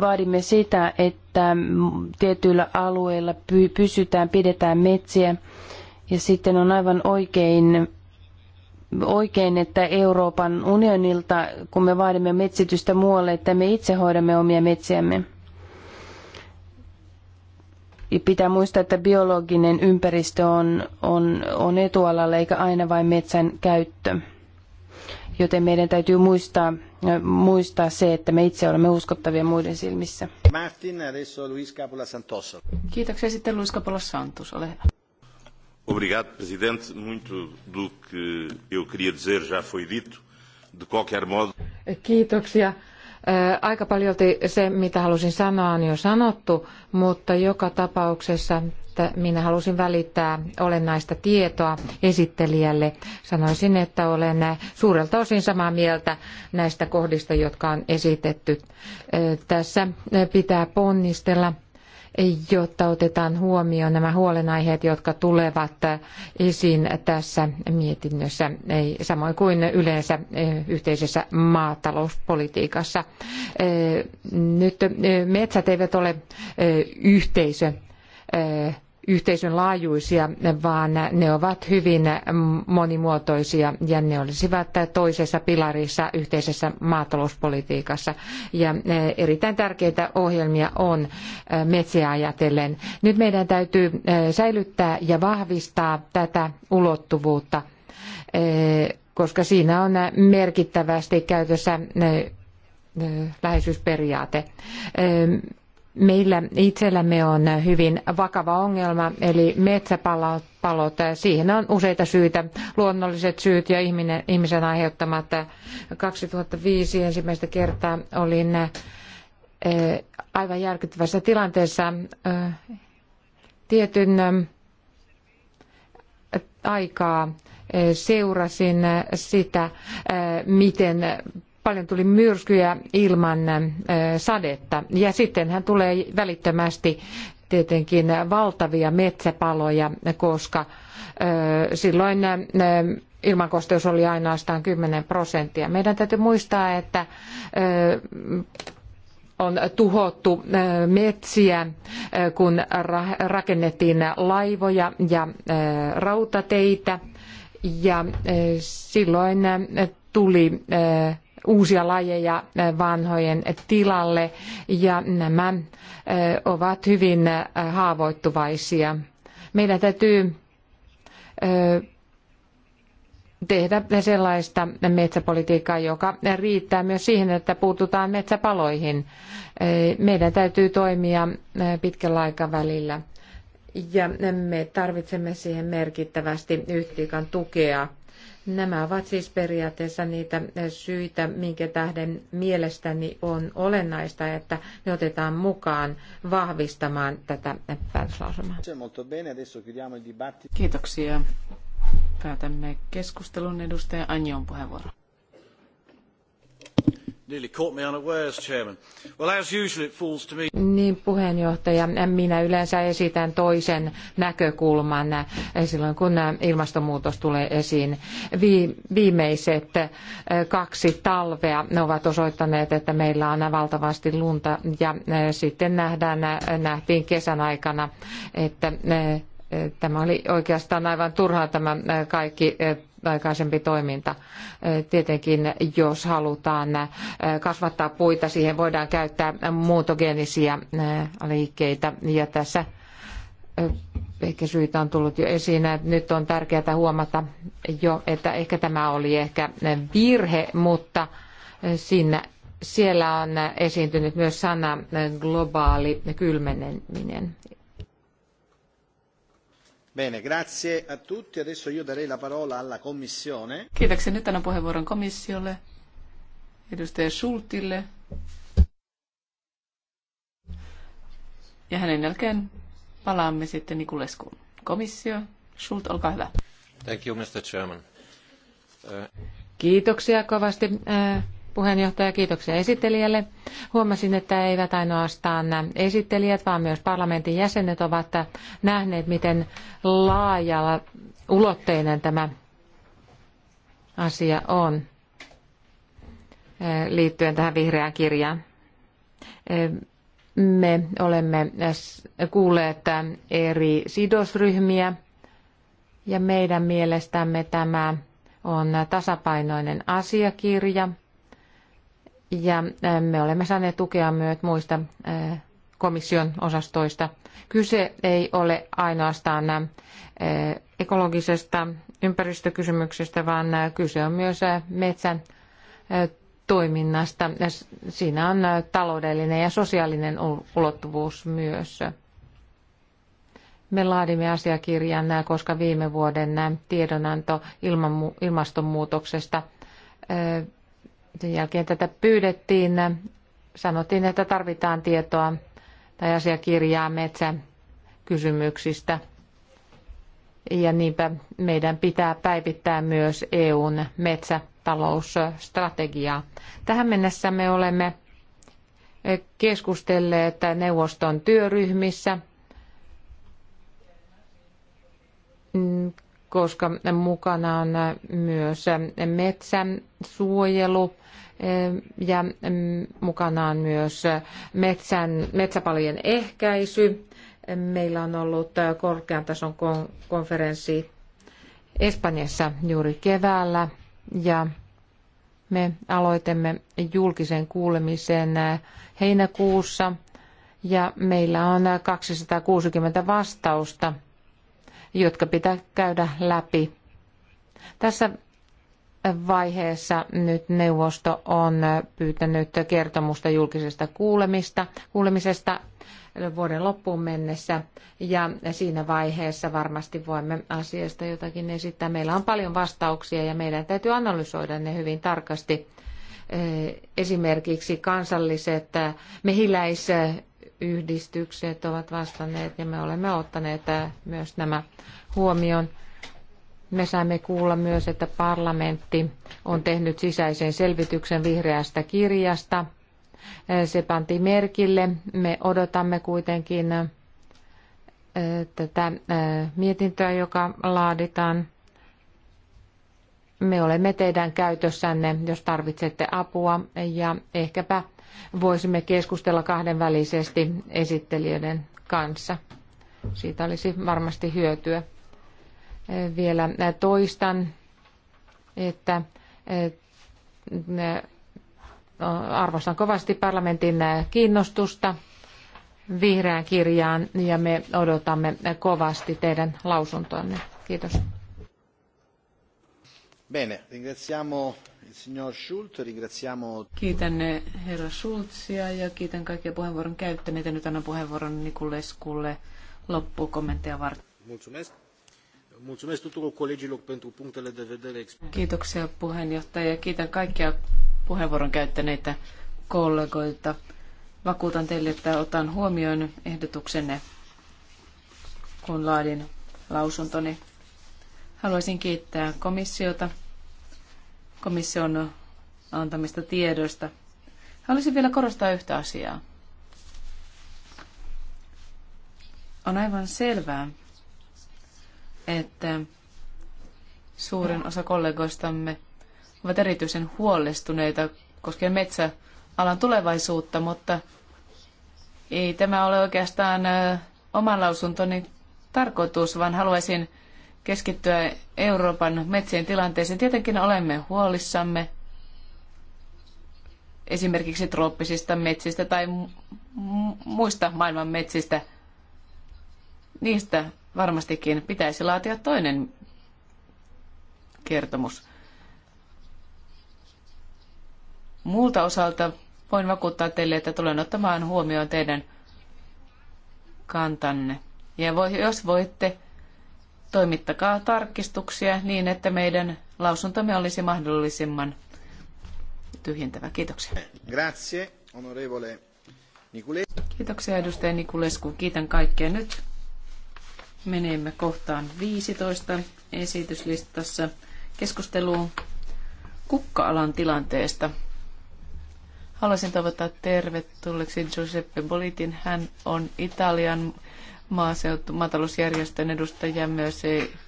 vaadimme sitä, että tietyillä alueilla pysytään, pidetään metsiä. Ja sitten on aivan oikein, oikein, että Euroopan unionilta, kun me vaadimme metsitystä muualle, että me itse hoidamme omia metsiämme. Ja pitää muistaa, että biologinen ympäristö on, on, on etualalla eikä aina vain metsän käyttö joten meidän täytyy muistaa, muistaa se, että me itse olemme uskottavia muiden silmissä. Martin, adesso Luis Capola Santos. Kiitoksia sitten Luis Capola Santos, ole hyvä. Obrigado, Presidente. Muito do que eu queria dizer já foi dito. De qualquer modo. Kiitoksia Aika paljolti se, mitä halusin sanoa, on jo sanottu, mutta joka tapauksessa että minä halusin välittää olennaista tietoa esittelijälle. Sanoisin, että olen suurelta osin samaa mieltä näistä kohdista, jotka on esitetty. Tässä pitää ponnistella jotta otetaan huomioon nämä huolenaiheet, jotka tulevat esiin tässä mietinnössä, samoin kuin yleensä e, yhteisessä maatalouspolitiikassa. E, nyt e, metsät eivät ole yhteisö yhteisön laajuisia, vaan ne ovat hyvin monimuotoisia ja ne olisivat toisessa pilarissa yhteisessä maatalouspolitiikassa. Ja eh, erittäin tärkeitä ohjelmia on eh, metsiä ajatellen. Nyt meidän täytyy eh, säilyttää ja vahvistaa tätä ulottuvuutta, koska siinä on merkittävästi käytössä läheisyysperiaate. Meillä itsellämme on hyvin vakava ongelma, eli metsäpalot. Siihen on useita syitä, luonnolliset syyt ja ihminen, ihmisen aiheuttamat. 2005 ensimmäistä kertaa olin eh, aivan järkyttävässä tilanteessa eh, tietyn eh, aikaa seurasin sitä, miten paljon tuli myrskyjä ilman sadetta. Ja sittenhän tulee välittömästi tietenkin valtavia metsäpaloja, koska silloin ilmankosteus oli ainoastaan 10 prosenttia. Meidän täytyy muistaa, että on tuhottu metsiä, kun rakennettiin laivoja ja rautateitä. Ja silloin tuli uusia lajeja vanhojen tilalle ja nämä ovat hyvin haavoittuvaisia. Meidän täytyy tehdä sellaista metsäpolitiikkaa, joka riittää myös siihen, että puututaan metsäpaloihin. Meidän täytyy toimia pitkällä aikavälillä ja me tarvitsemme siihen merkittävästi yhtiikan tukea Nämä ovat siis periaatteessa niitä syitä, minkä tähden mielestäni on olennaista, että ne otetaan mukaan vahvistamaan tätä päätöslausumaa. Kiitoksia. Päätämme keskustelun edustaja Anjon puheenvuoro. Nearly Niin, puheenjohtaja, minä yleensä esitän toisen näkökulman eh, silloin, kun eh, ilmastonmuutos tulee esiin. Viimeiset eh, kaksi talvea ne ovat osoittaneet, että meillä on valtavasti lunta ja sitten nähdään, nähtiin kesän aikana, että tämä oli oikeastaan aivan turhaa tämä kaikki pitkäaikaisempi toiminta. Tietenkin jos halutaan kasvattaa puita, siihen voidaan käyttää muutogenisia liikkeitä ja tässä ehkä syitä on tullut jo esiin. Nyt on tärkeää huomata jo, että ehkä tämä oli ehkä virhe, mutta siinä, siellä on esiintynyt myös sana globaali kylmeneminen Bene, grazie a tutti. Adesso io darei la parola alla Commissione. Kiitoksia. Nyt annan puheenvuoron komissiolle, edustaja Schultille. Ja hänen jälkeen palaamme sitten Nikuleskuun. Komissio, Schult, olkaa hyvä. Thank you, Mr. Chairman. Uh... Kiitoksia kovasti, äh, puheenjohtaja, kiitoksia esittelijälle. Huomasin, että eivät ainoastaan esittelijät, vaan myös parlamentin jäsenet ovat nähneet, miten laajalla ulotteinen tämä asia on eh, liittyen tähän vihreään kirjaan. Eh, me olemme kuulleet eh, eri sidosryhmiä ja meidän mielestämme tämä on tasapainoinen asiakirja – ja me olemme saaneet tukea myös muista komission osastoista. Kyse ei ole ainoastaan ekologisesta ympäristökysymyksestä, vaan kyse on myös metsän toiminnasta. Siinä on taloudellinen ja sosiaalinen ulottuvuus myös. Me laadimme asiakirjan, koska viime vuoden tiedonanto ilmastonmuutoksesta sen jälkeen tätä pyydettiin. Sanottiin, että tarvitaan tietoa tai asiakirjaa metsäkysymyksistä. Ja niinpä meidän pitää päivittää myös EUn metsätalousstrategiaa. Tähän mennessä me olemme keskustelleet neuvoston työryhmissä koska mukana on myös suojelu eh, ja mukana on myös metsän, metsäpalien ehkäisy. Meillä on ollut korkean tason konferenssi Espanjassa juuri keväällä ja me aloitemme julkisen kuulemisen heinäkuussa ja meillä on 260 vastausta jotka pitää käydä läpi. Tässä vaiheessa nyt neuvosto on pyytänyt kertomusta julkisesta kuulemista, kuulemisesta vuoden loppuun mennessä ja siinä vaiheessa varmasti voimme asiasta jotakin esittää. Meillä on paljon vastauksia ja meidän täytyy analysoida ne hyvin tarkasti esimerkiksi kansalliset mehiläis- yhdistykset ovat vastanneet ja me olemme ottaneet myös nämä huomioon. Me saimme kuulla myös, että parlamentti on tehnyt sisäisen selvityksen vihreästä kirjasta. Se panti merkille. Me odotamme kuitenkin äh, tätä äh, mietintöä, joka laaditaan. Me olemme teidän käytössänne, jos tarvitsette apua ja ehkäpä voisimme keskustella kahdenvälisesti esittelijöiden kanssa. Siitä olisi varmasti hyötyä. Vielä toistan, että no, arvostan kovasti parlamentin kiinnostusta vihreään kirjaan ja me odotamme kovasti teidän lausuntoanne. Kiitos. Bene, ringraziamo Kiitän herra Schulzia ja kiitän kaikkia puheenvuoron käyttäneitä. Nyt annan puheenvuoron Nikuleskulle loppukommentteja varten. Kiitoksia puheenjohtaja. Kiitän kaikkia puheenvuoron käyttäneitä kollegoita. Vakuutan teille, että otan huomioon ehdotuksenne, kun laadin lausuntoni. Haluaisin kiittää komissiota komission antamista tiedoista. Haluaisin vielä korostaa yhtä asiaa. On aivan selvää, että suurin osa kollegoistamme ovat erityisen huolestuneita koskien metsäalan tulevaisuutta, mutta ei tämä ole oikeastaan oman lausuntoni tarkoitus, vaan haluaisin keskittyä Euroopan metsien tilanteeseen. Tietenkin olemme huolissamme esimerkiksi trooppisista metsistä tai muista maailman metsistä. Niistä varmastikin pitäisi laatia toinen kertomus. Muulta osalta voin vakuuttaa teille, että tulen ottamaan huomioon teidän kantanne. Ja voi, jos voitte toimittakaa tarkistuksia niin, että meidän lausuntomme olisi mahdollisimman tyhjentävä. Kiitoksia. Grazie, onorevole Niculescu. Kiitoksia edustaja Nikulescu. Kiitän kaikkia nyt. Menemme kohtaan 15 esityslistassa keskusteluun kukka-alan tilanteesta. Haluaisin toivottaa tervetulleeksi Giuseppe Bolitin. Hän on Italian maaseutu, maatalousjärjestön edustaja, myös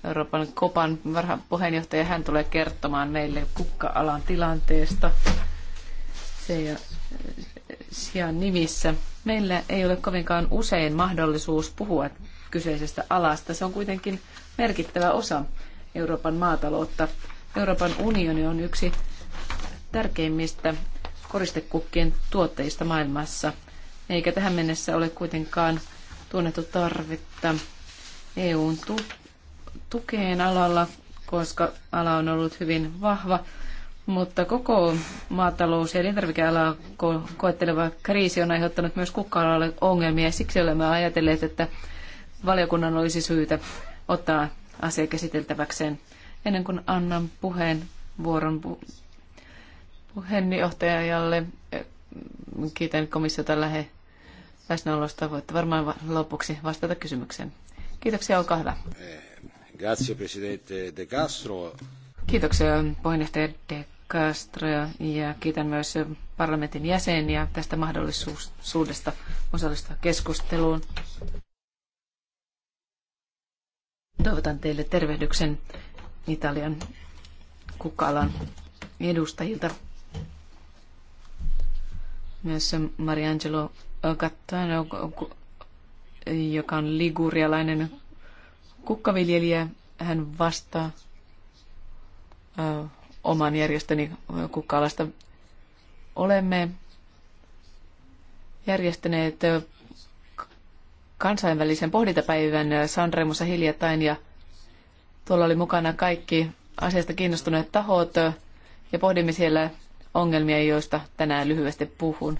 Euroopan Kopan puheenjohtaja. Hän tulee kertomaan meille kukka-alan tilanteesta. Se ja sijaan nimissä. Meillä ei ole kovinkaan usein mahdollisuus puhua kyseisestä alasta. Se on kuitenkin merkittävä osa Euroopan maataloutta. Euroopan unioni on yksi tärkeimmistä koristekukkien tuotteista maailmassa, eikä tähän mennessä ole kuitenkaan tunnettu tarvetta EUn tu- tukeen alalla, koska ala on ollut hyvin vahva, mutta koko maatalous- ja elintarvikealaa ko- koetteleva kriisi on aiheuttanut myös kukka-alalle ongelmia siksi olemme ajatelleet, että valiokunnan olisi syytä ottaa asia käsiteltäväkseen. Ennen kuin annan vuoron pu- puheenjohtajalle, kiitän komissiota lähe läsnäolosta. Voitte varmaan lopuksi vastata kysymykseen. Kiitoksia, olkaa hyvä. Eh, grazie, presidente De Castro. Kiitoksia puheenjohtaja De Castro ja kiitän myös parlamentin jäseniä tästä mahdollisuudesta osallistua keskusteluun. Toivotan teille tervehdyksen Italian kukkalan edustajilta. Myös Mariangelo Kattano, joka on ligurialainen kukkaviljelijä, hän vastaa oman järjestöni kukkaalasta. Olemme järjestäneet kansainvälisen pohdintapäivän Sanremussa hiljattain ja tuolla oli mukana kaikki asiasta kiinnostuneet tahot ja pohdimme siellä ongelmia, joista tänään lyhyesti puhun.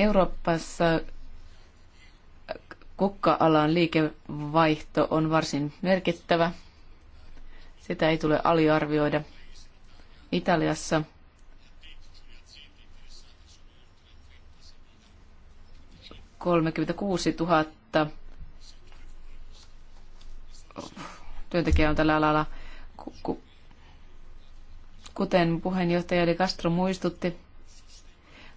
Euroopassa kukka-alan liikevaihto on varsin merkittävä. Sitä ei tule aliarvioida. Italiassa kolmekymmentäkuusi tuhatta työntekijä on tällä alalla. Kuten puheenjohtaja Eli Castro muistutti,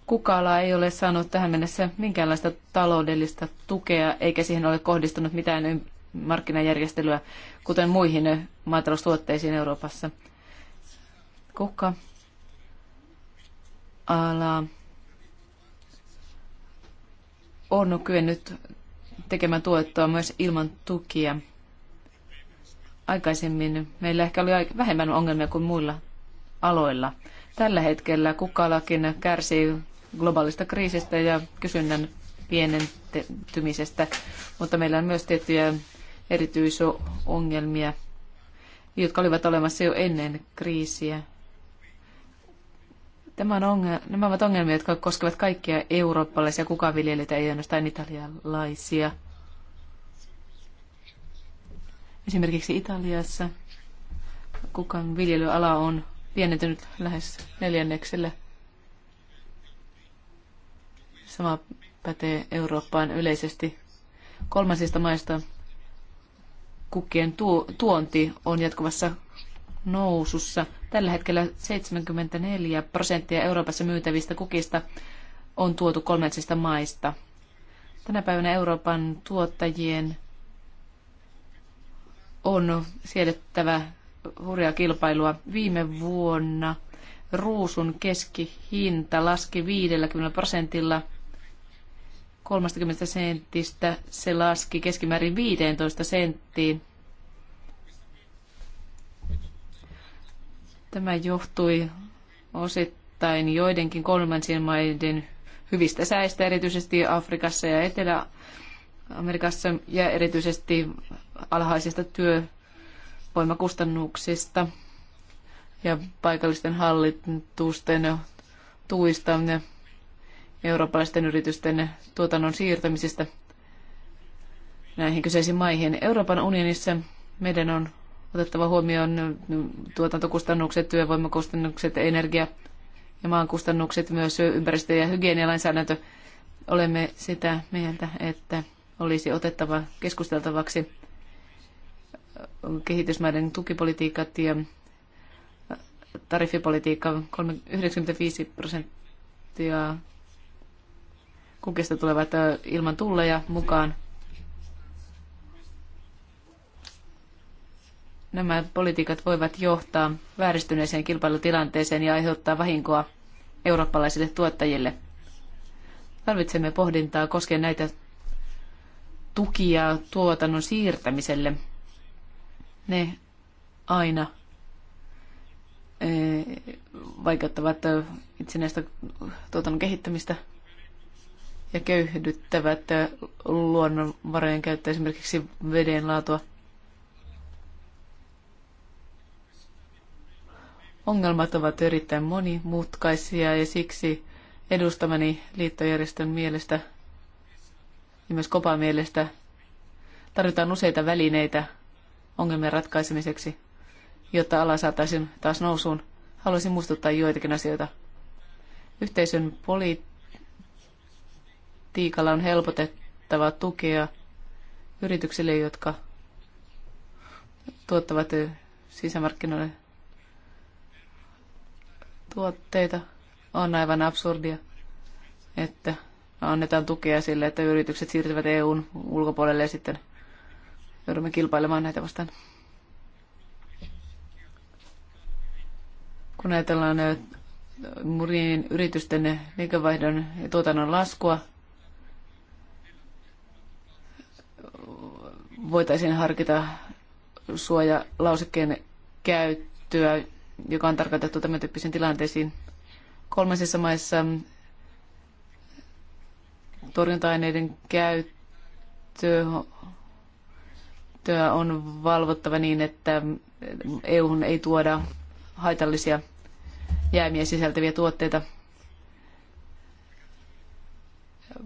Kukala ei ole saanut tähän mennessä minkäänlaista taloudellista tukea, eikä siihen ole kohdistunut mitään markkinajärjestelyä, kuten muihin maataloustuotteisiin Euroopassa. Kukka ala on kyennyt tekemään tuottoa myös ilman tukia. Aikaisemmin meillä ehkä oli vähemmän ongelmia kuin muilla aloilla. Tällä hetkellä kukkalakin kärsii globaalista kriisistä ja kysynnän pienentymisestä, mutta meillä on myös tiettyjä erityisongelmia, jotka olivat olemassa jo ennen kriisiä. Tämä on ongelma, nämä ovat ongelmia, jotka koskevat kaikkia eurooppalaisia viljelijöitä ei ainoastaan italialaisia. Esimerkiksi Italiassa kukan viljelyala on pienentynyt lähes neljänneksellä – Sama pätee Eurooppaan yleisesti. Kolmansista maista kukkien tuonti on jatkuvassa nousussa. Tällä hetkellä 74 prosenttia Euroopassa myytävistä kukista on tuotu kolmansista maista. Tänä päivänä Euroopan tuottajien on siedettävä hurjaa kilpailua. Viime vuonna ruusun keskihinta laski 50 prosentilla – 30 sentistä se laski keskimäärin 15 senttiin. Tämä johtui osittain joidenkin kolmansien maiden hyvistä säistä, erityisesti Afrikassa ja Etelä-Amerikassa ja erityisesti alhaisista työvoimakustannuksista ja paikallisten hallitusten tuista eurooppalaisten yritysten tuotannon siirtämisestä näihin kyseisiin maihin. Euroopan unionissa meidän on otettava huomioon tuotantokustannukset, työvoimakustannukset, energia- ja maankustannukset, myös ympäristö- ja hygienialainsäädäntö. Olemme sitä mieltä, että olisi otettava keskusteltavaksi kehitysmaiden tukipolitiikat ja tariffipolitiikka 95 prosenttia kukista tulevat ilman tulleja mukaan. Nämä politiikat voivat johtaa vääristyneeseen kilpailutilanteeseen ja aiheuttaa vahinkoa eurooppalaisille tuottajille. Tarvitsemme pohdintaa koskien näitä tukia tuotannon siirtämiselle. Ne aina vaikeuttavat itsenäistä tuotannon kehittämistä – ja köyhdyttävät luonnonvarojen käyttö, esimerkiksi veden laatua. Ongelmat ovat erittäin monimutkaisia ja siksi edustamani liittojärjestön mielestä ja myös kopan mielestä tarvitaan useita välineitä ongelmien ratkaisemiseksi, jotta ala saataisiin taas nousuun. Haluaisin muistuttaa joitakin asioita. Yhteisön poliittinen politiikalla on helpotettava tukea yrityksille, jotka tuottavat sisämarkkinoille tuotteita. On aivan absurdia, että annetaan tukea sille, että yritykset siirtyvät EUn ulkopuolelle ja sitten joudumme kilpailemaan näitä vastaan. Kun ajatellaan murien yritysten liikevaihdon ja tuotannon laskua, voitaisiin harkita suojalausekkeen käyttöä, joka on tarkoitettu tämän tyyppisiin tilanteisiin. Kolmansissa maissa torjunta-aineiden käyttöä on valvottava niin, että EUhun ei tuoda haitallisia jäämiä sisältäviä tuotteita.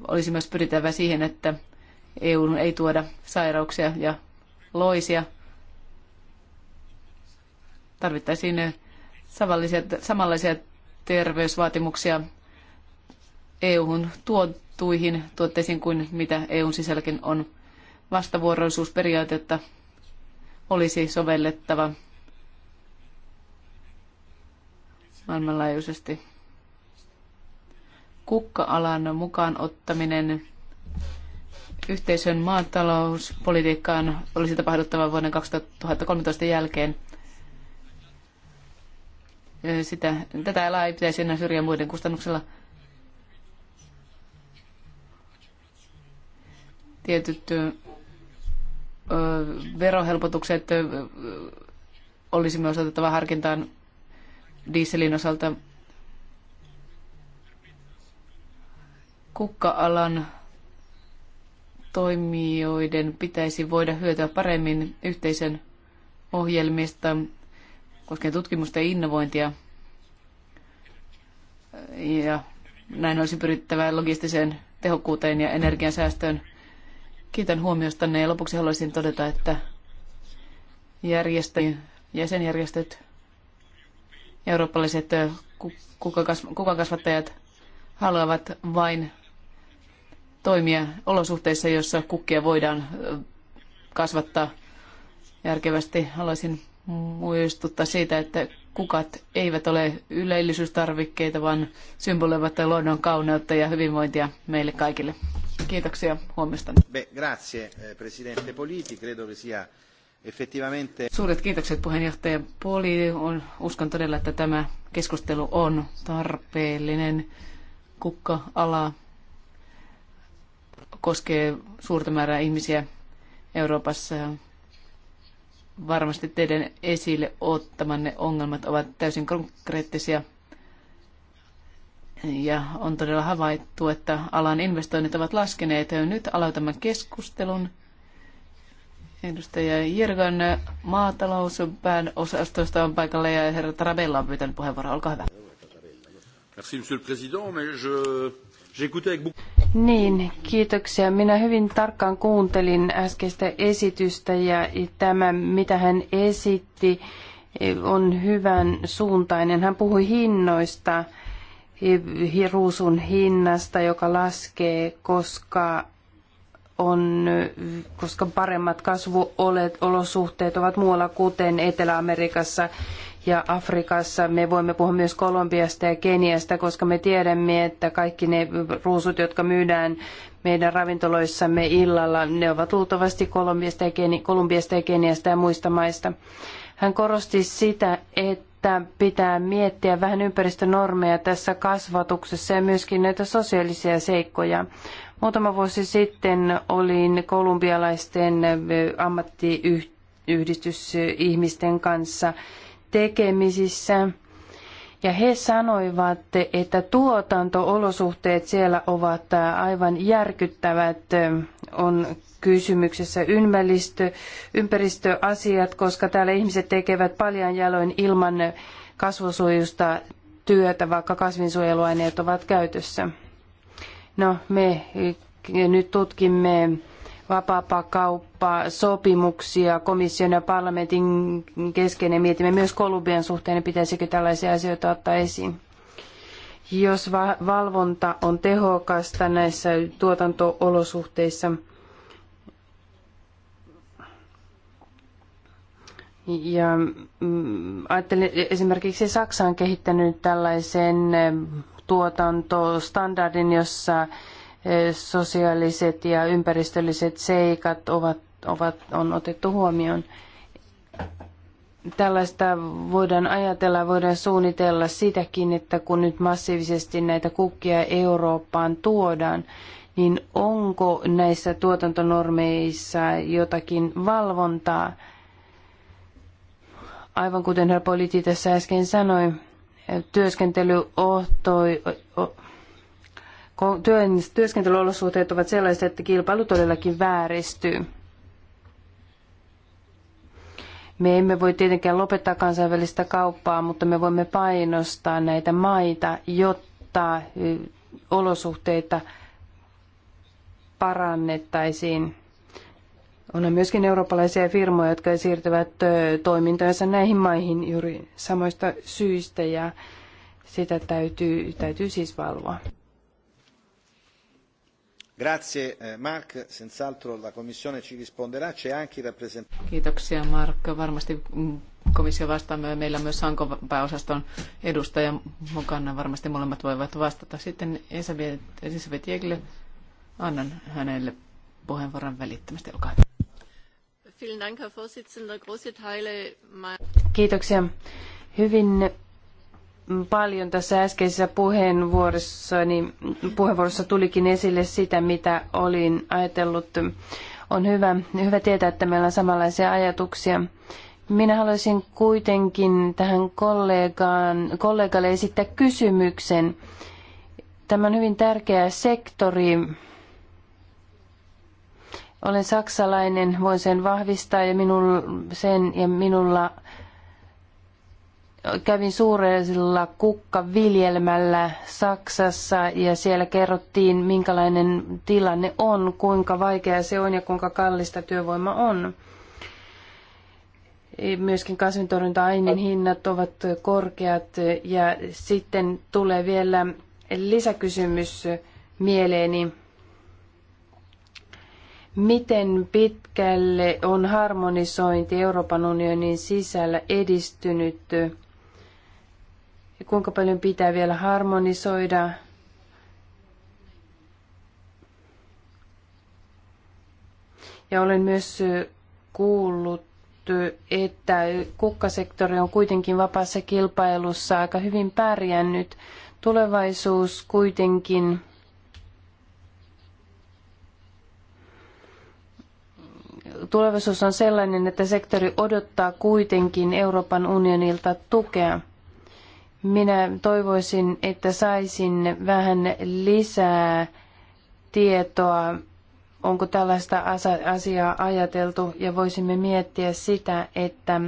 Olisi myös pyritävä siihen, että EU ei tuoda sairauksia ja loisia. Tarvittaisiin samanlaisia, samanlaisia terveysvaatimuksia EUn tuotuihin tuotteisiin kuin mitä EUn sisälläkin on. Vastavuoroisuusperiaatetta olisi sovellettava maailmanlaajuisesti. Kukka-alan mukaan ottaminen yhteisön maatalouspolitiikkaan olisi tapahduttava vuoden 2013 jälkeen. Sitä, tätä alaa ei pitäisi enää syrjää muiden kustannuksella. Tietyt ö, verohelpotukset ö, olisi myös otettava harkintaan dieselin osalta kukka-alan toimijoiden pitäisi voida hyötyä paremmin yhteisen ohjelmista koskien tutkimusta ja innovointia. Ja näin olisi pyrittävä logistiseen tehokkuuteen ja energiansäästöön. Kiitän huomiostanne ja lopuksi haluaisin todeta, että järjestö, jäsenjärjestöt, eurooppalaiset kasvattajat haluavat vain toimia olosuhteissa, joissa kukkia voidaan kasvattaa järkevästi. Haluaisin muistuttaa siitä, että kukat eivät ole yleillisyystarvikkeita, vaan symboloivat luonnon kauneutta ja hyvinvointia meille kaikille. Kiitoksia huomiosta. Grazie, eh, presidente Politi. Credo che sia effettivamente... Suuret kiitokset puheenjohtaja Poli. uskon todella, että tämä keskustelu on tarpeellinen. Kukka-ala koskee suurta määrää ihmisiä Euroopassa. Varmasti teidän esille ottamanne ongelmat ovat täysin konkreettisia. Ja on todella havaittu, että alan investoinnit ovat laskeneet. ja Nyt aloitamme keskustelun. Edustaja Jirkan maatalouspään osastosta on paikalla ja herra Tarabella on pyytänyt puheenvuoroa. Olkaa hyvä. Merci, monsieur le président, mais je niin, kiitoksia. Minä hyvin tarkkaan kuuntelin äskeistä esitystä ja tämä, mitä hän esitti, on hyvän suuntainen. Hän puhui hinnoista, ruusun hinnasta, joka laskee, koska on, koska paremmat kasvuolosuhteet ovat muualla, kuten Etelä-Amerikassa ja Afrikassa. Me voimme puhua myös Kolumbiasta ja Keniasta, koska me tiedämme, että kaikki ne ruusut, jotka myydään meidän ravintoloissamme illalla, ne ovat luultavasti Kolumbiasta ja, Keni- Kolumbiasta ja Keniasta ja muista maista. Hän korosti sitä, että pitää miettiä vähän ympäristönormeja tässä kasvatuksessa ja myöskin näitä sosiaalisia seikkoja. Muutama vuosi sitten olin kolumbialaisten ammattiyhdistysihmisten kanssa tekemisissä. Ja he sanoivat, että tuotantoolosuhteet siellä ovat aivan järkyttävät. On kysymyksessä ympäristö, ympäristöasiat, koska täällä ihmiset tekevät paljon jaloin ilman kasvosuojusta työtä, vaikka kasvinsuojeluaineet ovat käytössä. No, me nyt tutkimme vapaapakauppaa, sopimuksia komission ja parlamentin kesken ja mietimme myös Kolumbian suhteen, niin pitäisikö tällaisia asioita ottaa esiin. Jos valvonta on tehokasta näissä tuotantoolosuhteissa, Ja mm, ajattelin esimerkiksi Saksa on kehittänyt tällaisen mm, tuotantostandardin, jossa sosiaaliset ja ympäristölliset seikat ovat, ovat, on otettu huomioon. Tällaista voidaan ajatella, voidaan suunnitella sitäkin, että kun nyt massiivisesti näitä kukkia Eurooppaan tuodaan, niin onko näissä tuotantonormeissa jotakin valvontaa? Aivan kuten herra Politi tässä äsken sanoi, työskentely ohtoi, työskentelyolosuhteet ovat sellaiset, että kilpailu todellakin vääristyy. Me emme voi tietenkään lopettaa kansainvälistä kauppaa, mutta me voimme painostaa näitä maita, jotta olosuhteita parannettaisiin. On myöskin eurooppalaisia firmoja, jotka siirtyvät toimintojensa näihin maihin juuri samoista syistä ja sitä täytyy, täytyy siis valvoa. Grazie eh, Mark, senz'altro la Commissione ci risponderà, c'è anche rappresentante. Kiitoksia Mark, varmasti mm, komissio vastaamme meillä myös Sankon pääosaston edustaja mukana, varmasti molemmat voivat vastata. Sitten Elisabeth, Elisabeth annan hänelle puheenvuoron välittömästi, olkaa hyvä. Kiitoksia. Hyvin paljon tässä äskeisessä puheenvuorossa, niin puheenvuorossa tulikin esille sitä, mitä olin ajatellut. On hyvä, hyvä tietää, että meillä on samanlaisia ajatuksia. Minä haluaisin kuitenkin tähän kollegaan, kollegalle esittää kysymyksen. Tämä on hyvin tärkeä sektori. Olen saksalainen, voin sen vahvistaa ja minul, sen ja minulla kävin suurella kukkaviljelmällä Saksassa ja siellä kerrottiin, minkälainen tilanne on, kuinka vaikea se on ja kuinka kallista työvoima on. Myöskin kasvintorjunta-aineen hinnat ovat korkeat ja sitten tulee vielä lisäkysymys mieleeni. Miten pitkälle on harmonisointi Euroopan unionin sisällä edistynyt ja kuinka paljon pitää vielä harmonisoida. Ja olen myös kuullut, että kukkasektori on kuitenkin vapaassa kilpailussa aika hyvin pärjännyt. Tulevaisuus kuitenkin tulevaisuus on sellainen, että sektori odottaa kuitenkin Euroopan unionilta tukea. Minä toivoisin, että saisin vähän lisää tietoa, onko tällaista asiaa ajateltu ja voisimme miettiä sitä, että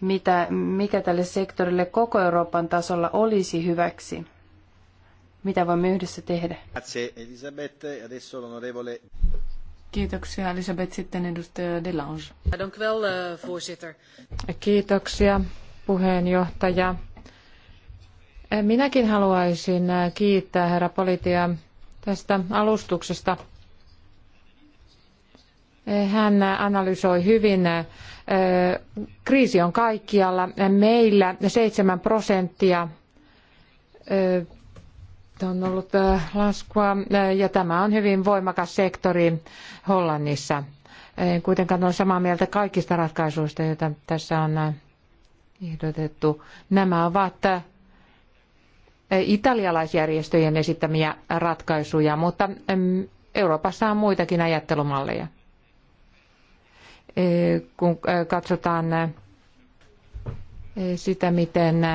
mitä, mikä tälle sektorille koko Euroopan tasolla olisi hyväksi. Mitä voimme yhdessä tehdä? E Kiitoksia Elisabeth. Sitten edustaja Delange. Eh, Kiitoksia puheenjohtaja. Minäkin haluaisin kiittää herra Politia tästä alustuksesta. Hän analysoi hyvin. Kriisi on kaikkialla. Meillä 7 prosenttia on ollut laskua ja tämä on hyvin voimakas sektori Hollannissa. En kuitenkaan ole samaa mieltä kaikista ratkaisuista, joita tässä on ehdotettu. Nämä ovat italialaisjärjestöjen esittämiä ratkaisuja, mutta mm, Euroopassa on muitakin ajattelumalleja. Eh, kun eh, katsotaan eh, sitä, miten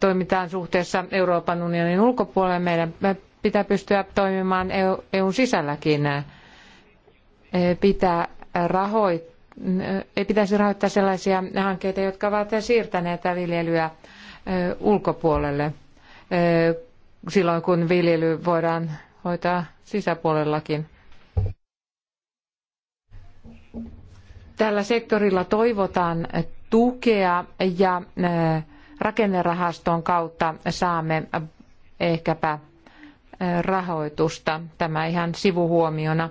toimitaan suhteessa Euroopan unionin ulkopuolelle, meidän pitää pystyä toimimaan EUn e sisälläkin. Pitää rahoit, ei pitäisi rahoittaa sellaisia hankkeita, jotka ovat siirtäneet viljelyä ulkopuolelle silloin, kun viljely voidaan hoitaa sisäpuolellakin. Tällä sektorilla toivotaan tukea ja rakennerahaston kautta saamme ehkäpä rahoitusta. Tämä ihan sivuhuomiona.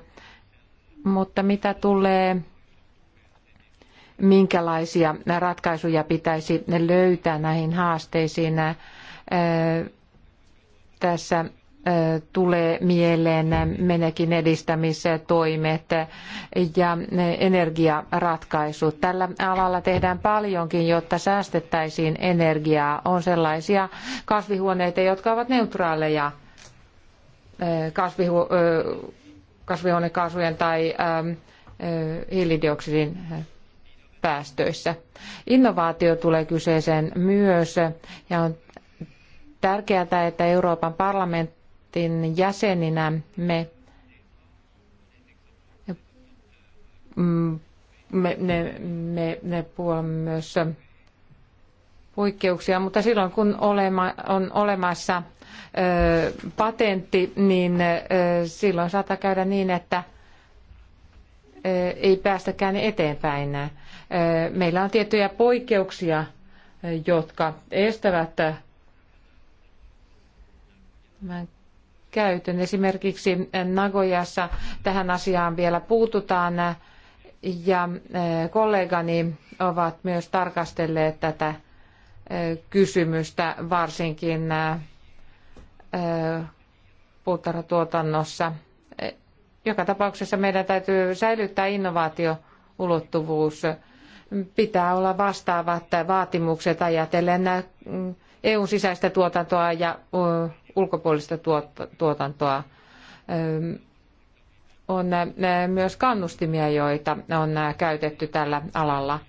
Mutta mitä tulee minkälaisia ratkaisuja pitäisi löytää näihin haasteisiin. Tässä tulee mieleen menekin edistämistoimet ja energiaratkaisut. Tällä alalla tehdään paljonkin, jotta säästettäisiin energiaa. On sellaisia kasvihuoneita, jotka ovat neutraaleja kasvihu- kasvihuonekaasujen tai hiilidioksidin päästöissä. Innovaatio tulee kyseeseen myös ja on tärkeää, että Euroopan parlamentin jäseninä me, mm, me, me, me, me puolemme myös poikkeuksia, mutta silloin kun olema, on olemassa ö, patentti, niin ö, silloin saattaa käydä niin, että ö, ei päästäkään eteenpäin. Meillä on tiettyjä poikkeuksia, jotka estävät käytön. Esimerkiksi Nagojassa tähän asiaan vielä puututaan ja kollegani ovat myös tarkastelleet tätä kysymystä varsinkin puutarhatuotannossa. Joka tapauksessa meidän täytyy säilyttää innovaatioulottuvuus. ulottuvuus pitää olla vastaavat vaatimukset ajatellen mm, EUn sisäistä tuotantoa ja ulkopuolista tuotantoa. On myös kannustimia, joita on käytetty tällä alalla.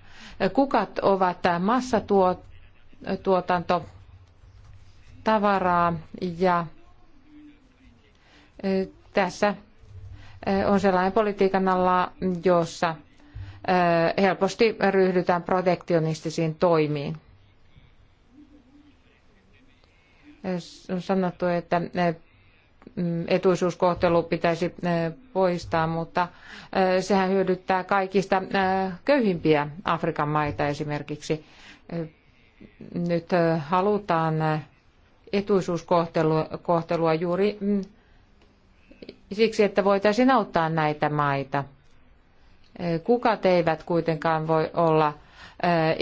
Kukat ovat massatuotanto tavaraa ja tässä on sellainen politiikan jossa helposti ryhdytään protektionistisiin toimiin. On sanottu, että etuisuuskohtelu pitäisi poistaa, mutta sehän hyödyttää kaikista köyhimpiä Afrikan maita esimerkiksi. Nyt halutaan etuisuuskohtelua juuri mm, siksi, että voitaisiin auttaa näitä maita – Kukat eivät kuitenkaan voi olla eh,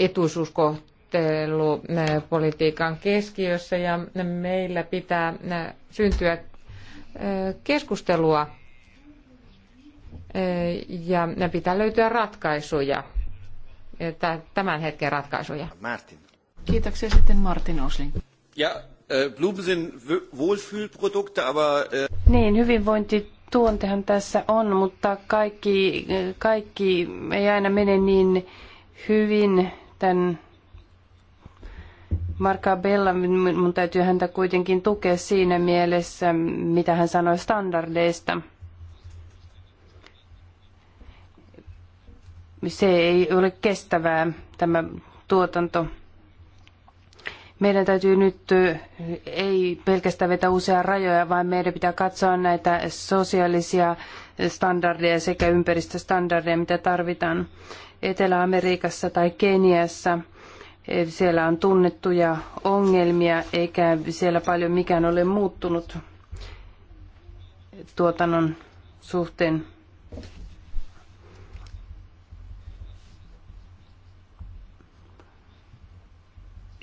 etuisuuskohtelupolitiikan eh, keskiössä ja meillä pitää eh, syntyä keskustelua ja pitää löytyä ratkaisuja, tämän hetken ratkaisuja. Martin. Kiitoksia sitten Martin Osling. Ja, Blumen sind Wohlfühlprodukte, aber... Niin, hyvinvointi tuontehan tässä on, mutta kaikki, kaikki ei aina mene niin hyvin tämän Marka Bella, mun täytyy häntä kuitenkin tukea siinä mielessä, mitä hän sanoi standardeista. Se ei ole kestävää, tämä tuotanto meidän täytyy nyt ei pelkästään vetää uusia rajoja, vaan meidän pitää katsoa näitä sosiaalisia standardeja sekä ympäristöstandardeja, mitä tarvitaan Etelä-Amerikassa tai Keniassa. E, siellä on tunnettuja ongelmia, eikä siellä paljon mikään ole muuttunut tuotannon suhteen.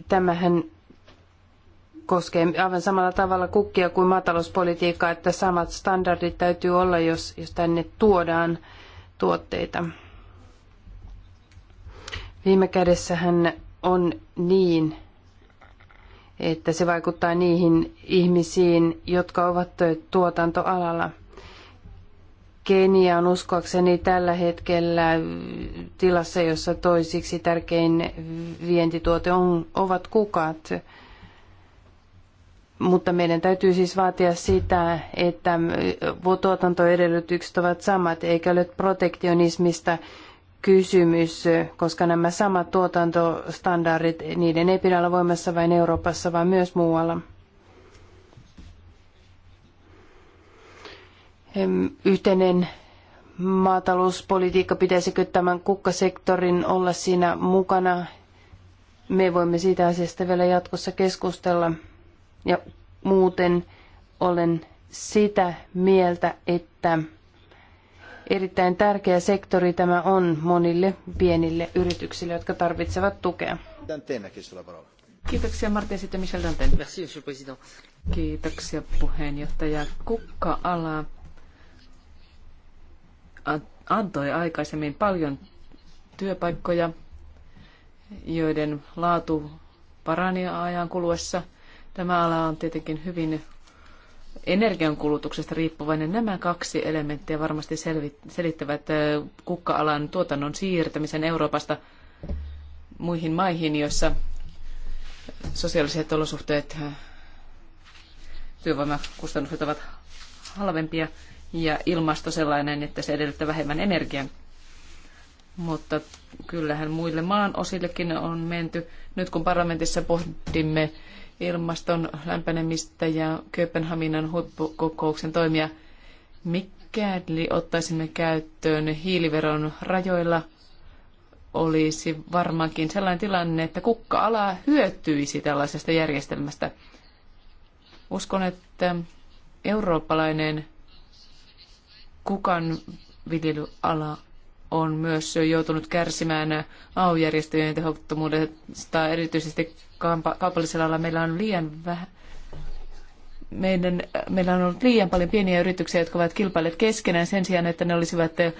Tämähän koskee aivan samalla tavalla kukkia kuin maatalouspolitiikkaa, että samat standardit täytyy olla, jos, jos tänne tuodaan tuotteita. Viime kädessähän on niin, että se vaikuttaa niihin ihmisiin, jotka ovat tuotantoalalla – Kenia on uskoakseni tällä hetkellä tilassa, jossa toisiksi tärkein vientituote on, ovat kukat. Mutta meidän täytyy siis vaatia sitä, että tuotantoedellytykset ovat samat, eikä ole protektionismista kysymys, koska nämä samat tuotantostandardit, niiden ei pidä olla voimassa vain Euroopassa, vaan myös muualla. yhteinen maatalouspolitiikka, pitäisikö tämän kukkasektorin olla siinä mukana. Me voimme siitä asiasta vielä jatkossa keskustella. Ja muuten olen sitä mieltä, että erittäin tärkeä sektori tämä on monille pienille yrityksille, jotka tarvitsevat tukea. Kiitoksia Martin, sitten Michel Danten. Kiitoksia puheenjohtaja. Kukka-ala antoi aikaisemmin paljon työpaikkoja, joiden laatu parani ajan kuluessa. Tämä ala on tietenkin hyvin energiankulutuksesta riippuvainen. Nämä kaksi elementtiä varmasti selittävät kukka-alan tuotannon siirtämisen Euroopasta muihin maihin, joissa sosiaaliset olosuhteet, työvoimakustannukset ovat halvempia ja ilmasto sellainen, että se edellyttää vähemmän energiaa. Mutta kyllähän muille maan osillekin on menty. Nyt kun parlamentissa pohdimme ilmaston lämpenemistä ja Kööpenhaminan huippukokouksen toimia, mikäli ottaisimme käyttöön hiiliveron rajoilla, olisi varmaankin sellainen tilanne, että kukka-ala hyötyisi tällaisesta järjestelmästä. Uskon, että eurooppalainen kukan viljelyala on myös joutunut kärsimään AU-järjestöjen tehottomuudesta, erityisesti kaupallisella alalla meillä on liian vähän meidän, meillä on ollut liian paljon pieniä yrityksiä, jotka ovat kilpailleet keskenään sen sijaan, että ne olisivat äh,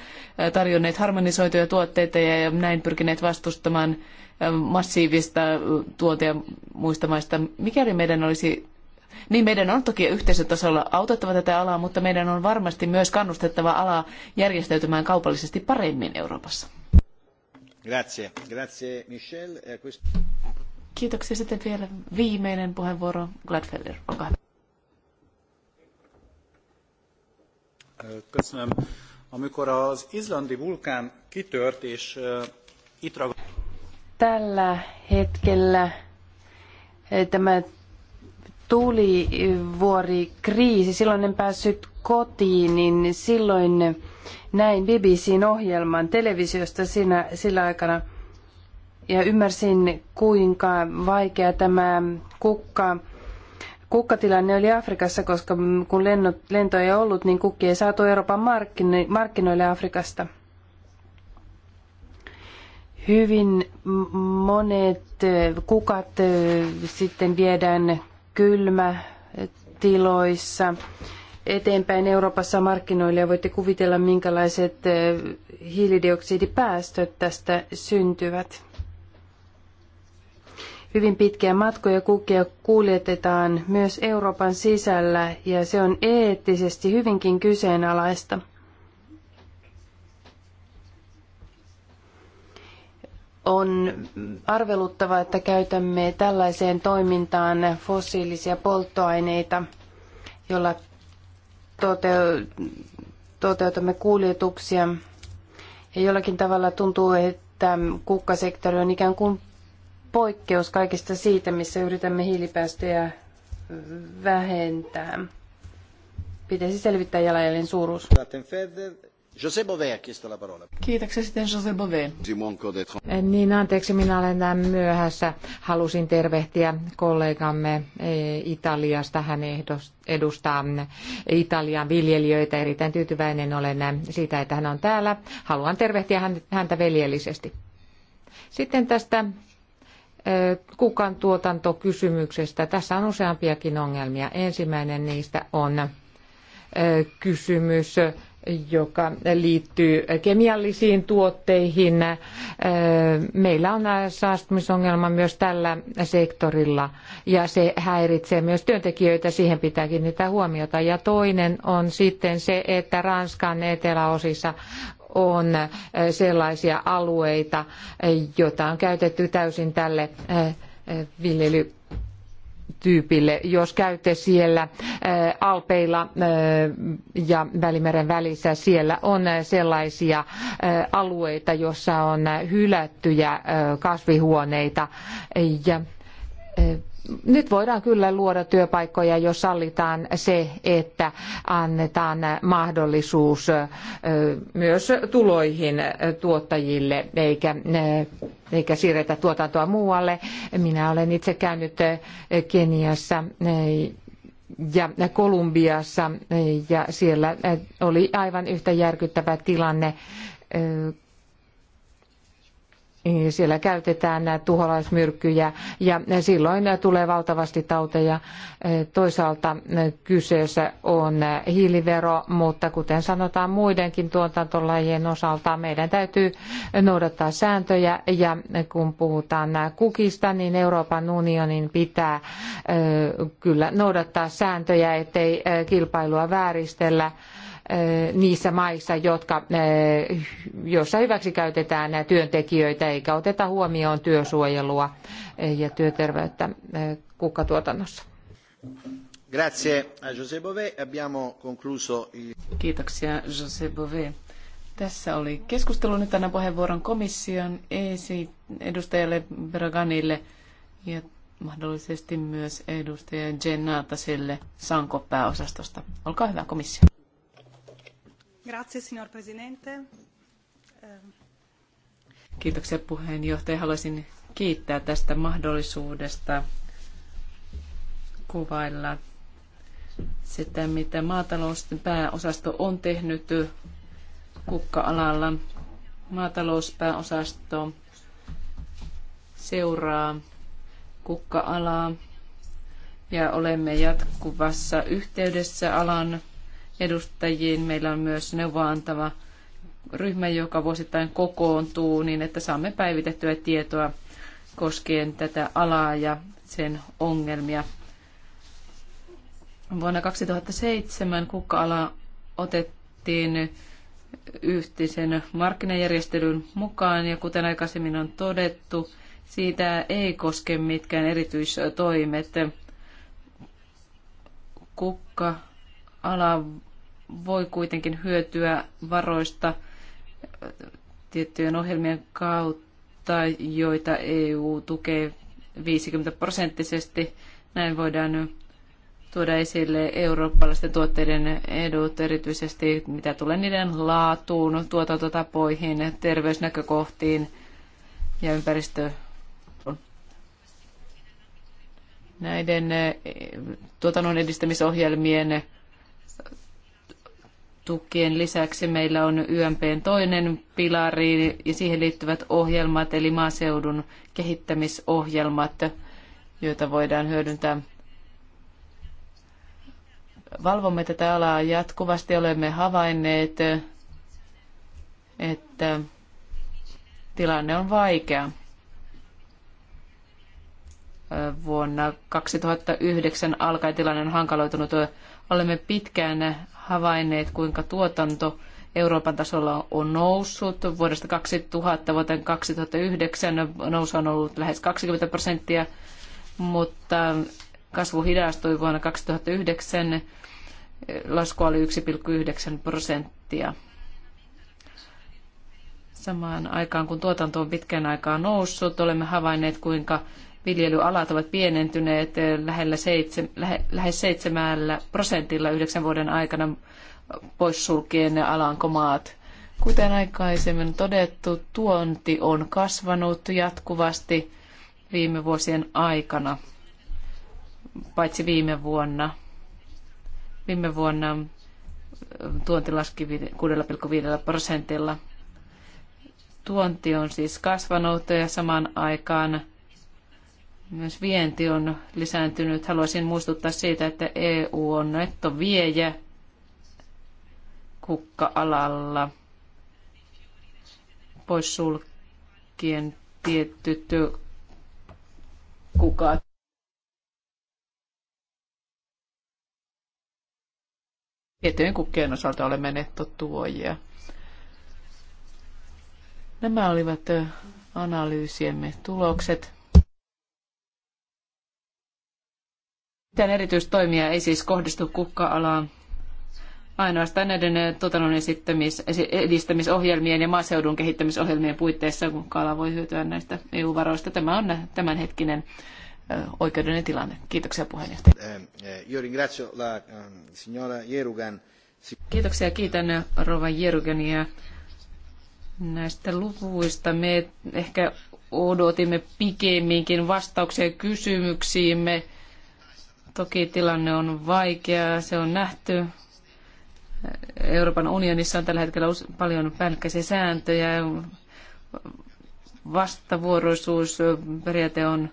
tarjonneet harmonisoituja tuotteita ja näin pyrkineet vastustamaan äh, massiivista äh, tuote muista maista. Mikäli meidän olisi niin meidän on toki yhteisötasolla autettava tätä alaa, mutta meidän on varmasti myös kannustettava alaa järjestäytymään kaupallisesti paremmin Euroopassa. Grazie. Grazie Michel. Eh, Kiitoksia. Sitten vielä viimeinen puheenvuoro. Gladfelder, olkaa hyvä. Eh, köszönöm. Amikor az izlandi vulkán kitört és eh, Itra... Tällä hetkellä tämä tulivuorikriisi, silloin en päässyt kotiin, niin silloin näin BBCn ohjelman televisiosta sinä sillä aikana ja ymmärsin, kuinka vaikea tämä kukka, kukkatilanne oli Afrikassa, koska kun lennot, lento ei ollut, niin kukki ei saatu Euroopan markkinoille Afrikasta. Hyvin monet kukat sitten viedään kylmä tiloissa eteenpäin Euroopassa markkinoille ja voitte kuvitella, minkälaiset eh, hiilidioksidipäästöt tästä syntyvät. Hyvin pitkiä matkoja kukkia kuljetetaan myös Euroopan sisällä ja se on eettisesti hyvinkin kyseenalaista. on arveluttava, että käytämme tällaiseen toimintaan fossiilisia polttoaineita, jolla toteutamme kuljetuksia. Ja jollakin tavalla tuntuu, että kukkasektori on ikään kuin poikkeus kaikesta siitä, missä yritämme hiilipäästöjä vähentää. Pitäisi selvittää jalanjäljen suuruus. José Bové ha chiesto la parola. Kiitoksia sitten José Bové. Niin, anteeksi, minä olen myöhässä. Halusin tervehtiä kollegamme e, Italiasta. Hän edustaa mm, Italian viljelijöitä. Erittäin tyytyväinen olen mm, siitä, että hän on täällä. Haluan tervehtiä häntä veljellisesti. Sitten tästä e, kukan tuotantokysymyksestä. Tässä on useampiakin ongelmia. Ensimmäinen niistä on e, kysymys joka liittyy kemiallisiin tuotteihin. Äh, meillä on saastumisongelma myös tällä sektorilla ja se häiritsee myös työntekijöitä, siihen pitää kiinnittää huomiota. Ja toinen on sitten se, että Ranskan eteläosissa on äh, sellaisia alueita, äh, joita on käytetty täysin tälle viljely tyypille, jos käytte siellä Alpeilla ja Välimeren välissä. Siellä on sellaisia alueita, jossa on hylättyjä kasvihuoneita ja nyt voidaan kyllä luoda työpaikkoja, jos sallitaan se, että annetaan mahdollisuus myös tuloihin tuottajille, eikä, eikä siirretä tuotantoa muualle. Minä olen itse käynyt Keniassa ja Kolumbiassa ja siellä oli aivan yhtä järkyttävä tilanne niin siellä käytetään tuholaismyrkkyjä ja silloin tulee valtavasti tauteja. Toisaalta kyseessä on hiilivero, mutta kuten sanotaan muidenkin tuotantolajien osalta, meidän täytyy noudattaa sääntöjä ja kun puhutaan kukista, niin Euroopan unionin pitää kyllä noudattaa sääntöjä, ettei kilpailua vääristellä niissä maissa, jotka, joissa hyväksikäytetään työntekijöitä eikä oteta huomioon työsuojelua ja työterveyttä kukkatuotannossa. Grazie a José Bové. Abbiamo concluso il... Kiitoksia José Bové. Tässä oli keskustelu. Nyt annan puheenvuoron komission edustajalle Braganille ja mahdollisesti myös edustaja Jennatasille Sanko pääosastosta. Olkaa hyvä komissio. Grazie, signor Presidente. Ehm. Kiitoksia puheenjohtaja. Haluaisin kiittää tästä mahdollisuudesta kuvailla sitä, mitä maatalousten pääosasto on tehnyt kukka-alalla. Maatalouspääosasto seuraa kukka-alaa ja olemme jatkuvassa yhteydessä alan edustajiin. Meillä on myös neuvoantava ryhmä, joka vuosittain kokoontuu niin, että saamme päivitettyä tietoa koskien tätä alaa ja sen ongelmia. Vuonna 2007 kukka-ala otettiin yhteisen markkinajärjestelyn mukaan ja kuten aikaisemmin on todettu, siitä ei koske mitkään erityistoimet. Kukka-ala voi kuitenkin hyötyä varoista tiettyjen ohjelmien kautta, joita EU tukee 50 prosenttisesti. Näin voidaan tuoda esille eurooppalaisten tuotteiden edut, erityisesti mitä tulee niiden laatuun, tuotantotapoihin, terveysnäkökohtiin ja ympäristöön. Näiden eh, tuotannon edistämisohjelmien tukien lisäksi meillä on YMPn toinen pilari ja siihen liittyvät ohjelmat, eli maaseudun kehittämisohjelmat, joita voidaan hyödyntää. Valvomme tätä alaa jatkuvasti. Olemme havainneet, että tilanne on vaikea. Vuonna 2009 alkaen tilanne on hankaloitunut. Olemme pitkään havainneet, kuinka tuotanto Euroopan tasolla on noussut. Vuodesta 2000 vuoteen 2009 nousu on ollut lähes 20 prosenttia, mutta kasvu hidastui vuonna 2009. Lasku oli 1,9 prosenttia. Samaan aikaan kun tuotanto on pitkän aikaa noussut, olemme havainneet kuinka viljelyalat ovat pienentyneet eh, lähellä seitse, lähes seitsemällä prosentilla yhdeksän vuoden aikana poissulkien alankomaat. Kuten aikaisemmin todettu, tuonti on kasvanut jatkuvasti viime vuosien aikana, paitsi viime vuonna. Viime vuonna eh, tuonti laski 6,5 prosentilla. Tuonti on siis kasvanut ja samaan aikaan myös vienti on lisääntynyt. Haluaisin muistuttaa siitä, että EU on nettoviejä kukka-alalla poissulkien tietyt kukat. Tiettyjen kukkien osalta olemme nettotuojia. Nämä olivat analyysiemme tulokset. Mitään erityistoimia ei siis kohdistu kukka-alaan. Ainoastaan näiden eh, tuotannon edistämisohjelmien ja maaseudun kehittämisohjelmien puitteissa kukka-ala voi hyötyä näistä EU-varoista. Tämä on eh, tämänhetkinen eh, oikeudellinen tilanne. Kiitoksia puheenjohtaja. Kiitoksia. Kiitän Rova Jerugenia näistä luvuista. Me ehkä odotimme pikemminkin vastauksia kysymyksiimme Toki tilanne on vaikea, se on nähty. Euroopan unionissa on tällä hetkellä paljon päällekkäisiä sääntöjä. periaate on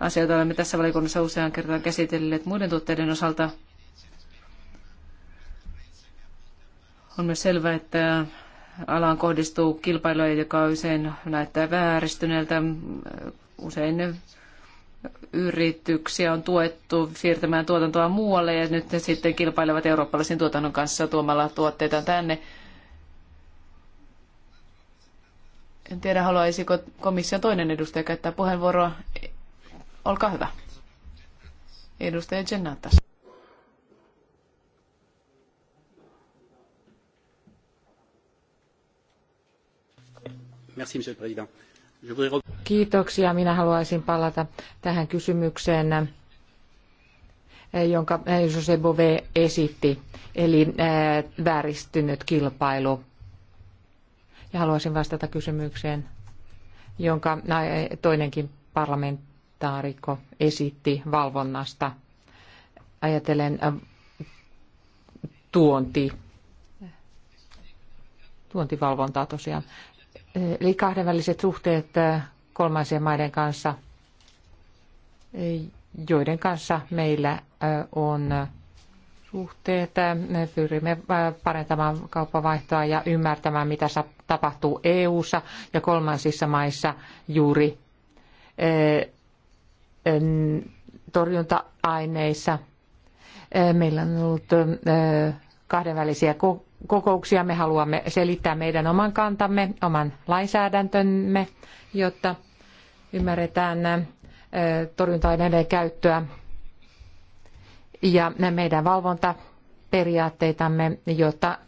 asioita, olemme tässä valikunnassa usean kertaan käsitelleet muiden tuotteiden osalta. On myös selvää, että alaan kohdistuu kilpailuja, joka usein näyttää vääristyneeltä. Usein yrityksiä on tuettu siirtämään tuotantoa muualle ja nyt ne sitten kilpailevat eurooppalaisen tuotannon kanssa tuomalla tuotteita tänne. En tiedä, haluaisiko komission toinen edustaja käyttää puheenvuoroa. Olkaa hyvä. Edustaja Jennatas. Merci, monsieur le président Kiitoksia. Minä haluaisin palata tähän kysymykseen, jonka Jose Bove esitti, eli eh, vääristynyt kilpailu. Ja haluaisin vastata kysymykseen, jonka eh, toinenkin parlamentaarikko esitti valvonnasta. Ajatelen eh, tuonti, tuontivalvontaa tosiaan. Eli kahdenväliset suhteet äh, kolmansien maiden kanssa, äh, joiden kanssa meillä äh, on suhteet. Me pyrimme parantamaan kauppavaihtoa ja ymmärtämään, mitä tapahtuu EU-ssa ja kolmansissa maissa juuri torjunta-aineissa. Meillä on ollut kahdenvälisiä kokouksia. Me haluamme selittää meidän oman kantamme, oman lainsäädäntömme, jotta ymmärretään torjunta-aineiden käyttöä ja meidän valvontaperiaatteitamme, jotta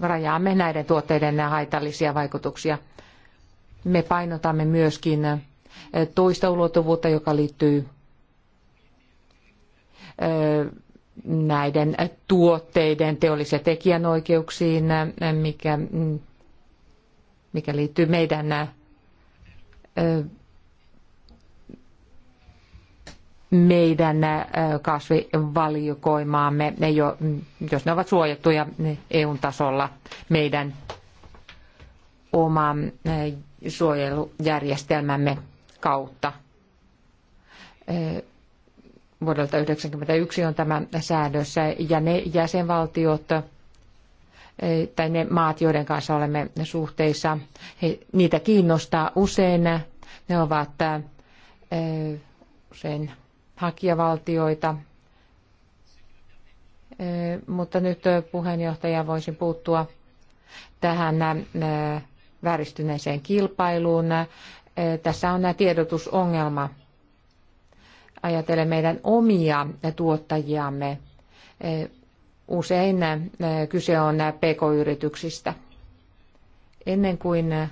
rajaamme näiden tuotteiden haitallisia vaikutuksia. Me painotamme myöskin toista ulottuvuutta, joka liittyy näiden tuotteiden teollisia tekijänoikeuksiin, mikä, mikä liittyy meidän meidän kasvivalikoimaamme, ne jo, jos ne ovat suojattuja EUn tasolla meidän oman suojelujärjestelmämme kautta vuodelta 1991 on tämä säädös, ja ne jäsenvaltiot eh, tai ne maat, joiden kanssa olemme suhteissa, he, niitä kiinnostaa usein. Ne ovat eh, usein hakijavaltioita, eh, mutta nyt puheenjohtaja voisin puuttua tähän vääristyneeseen kilpailuun. Tässä on tiedotusongelma ajatellen meidän omia tuottajiamme. E, usein e, kyse on pk-yrityksistä. Ennen kuin e,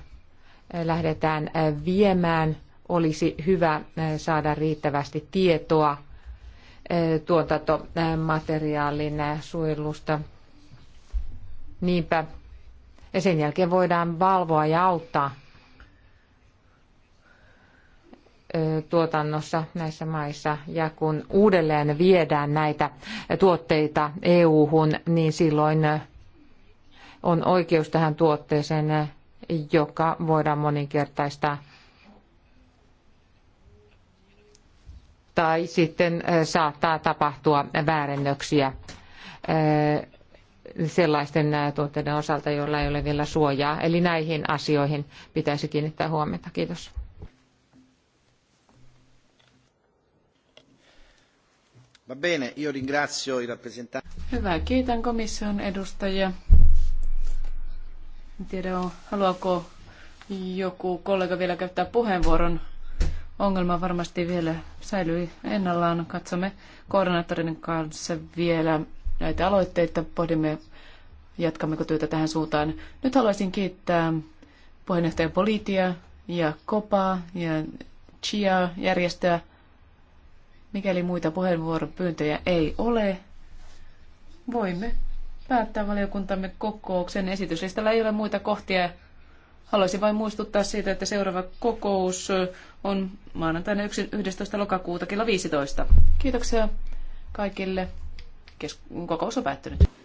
lähdetään viemään, olisi hyvä saada riittävästi tietoa tuotantomateriaalin suojelusta. Niinpä ja sen jälkeen voidaan valvoa ja auttaa tuotannossa näissä maissa ja kun uudelleen viedään näitä tuotteita EU-hun, niin silloin on oikeus tähän tuotteeseen, joka voidaan moninkertaistaa. Tai sitten saattaa tapahtua väärennöksiä sellaisten tuotteiden osalta, joilla ei ole vielä suojaa. Eli näihin asioihin pitäisi kiinnittää huomiota. Kiitos. Hyvä, kiitän komission edustajia. En tiedä, haluaako joku kollega vielä käyttää puheenvuoron. Ongelma varmasti vielä säilyi ennallaan. Katsomme koordinaattorin kanssa vielä näitä aloitteita. Pohdimme, jatkammeko työtä tähän suuntaan. Nyt haluaisin kiittää puheenjohtaja Politia ja Kopaa ja Chia-järjestöä Mikäli muita puheenvuoropyyntöjä ei ole, voimme päättää valiokuntamme kokouksen. Esityslistalla ei ole muita kohtia. Haluaisin vain muistuttaa siitä, että seuraava kokous on maanantaina 11. lokakuuta kello 15. Kiitoksia kaikille. kokous on päättynyt.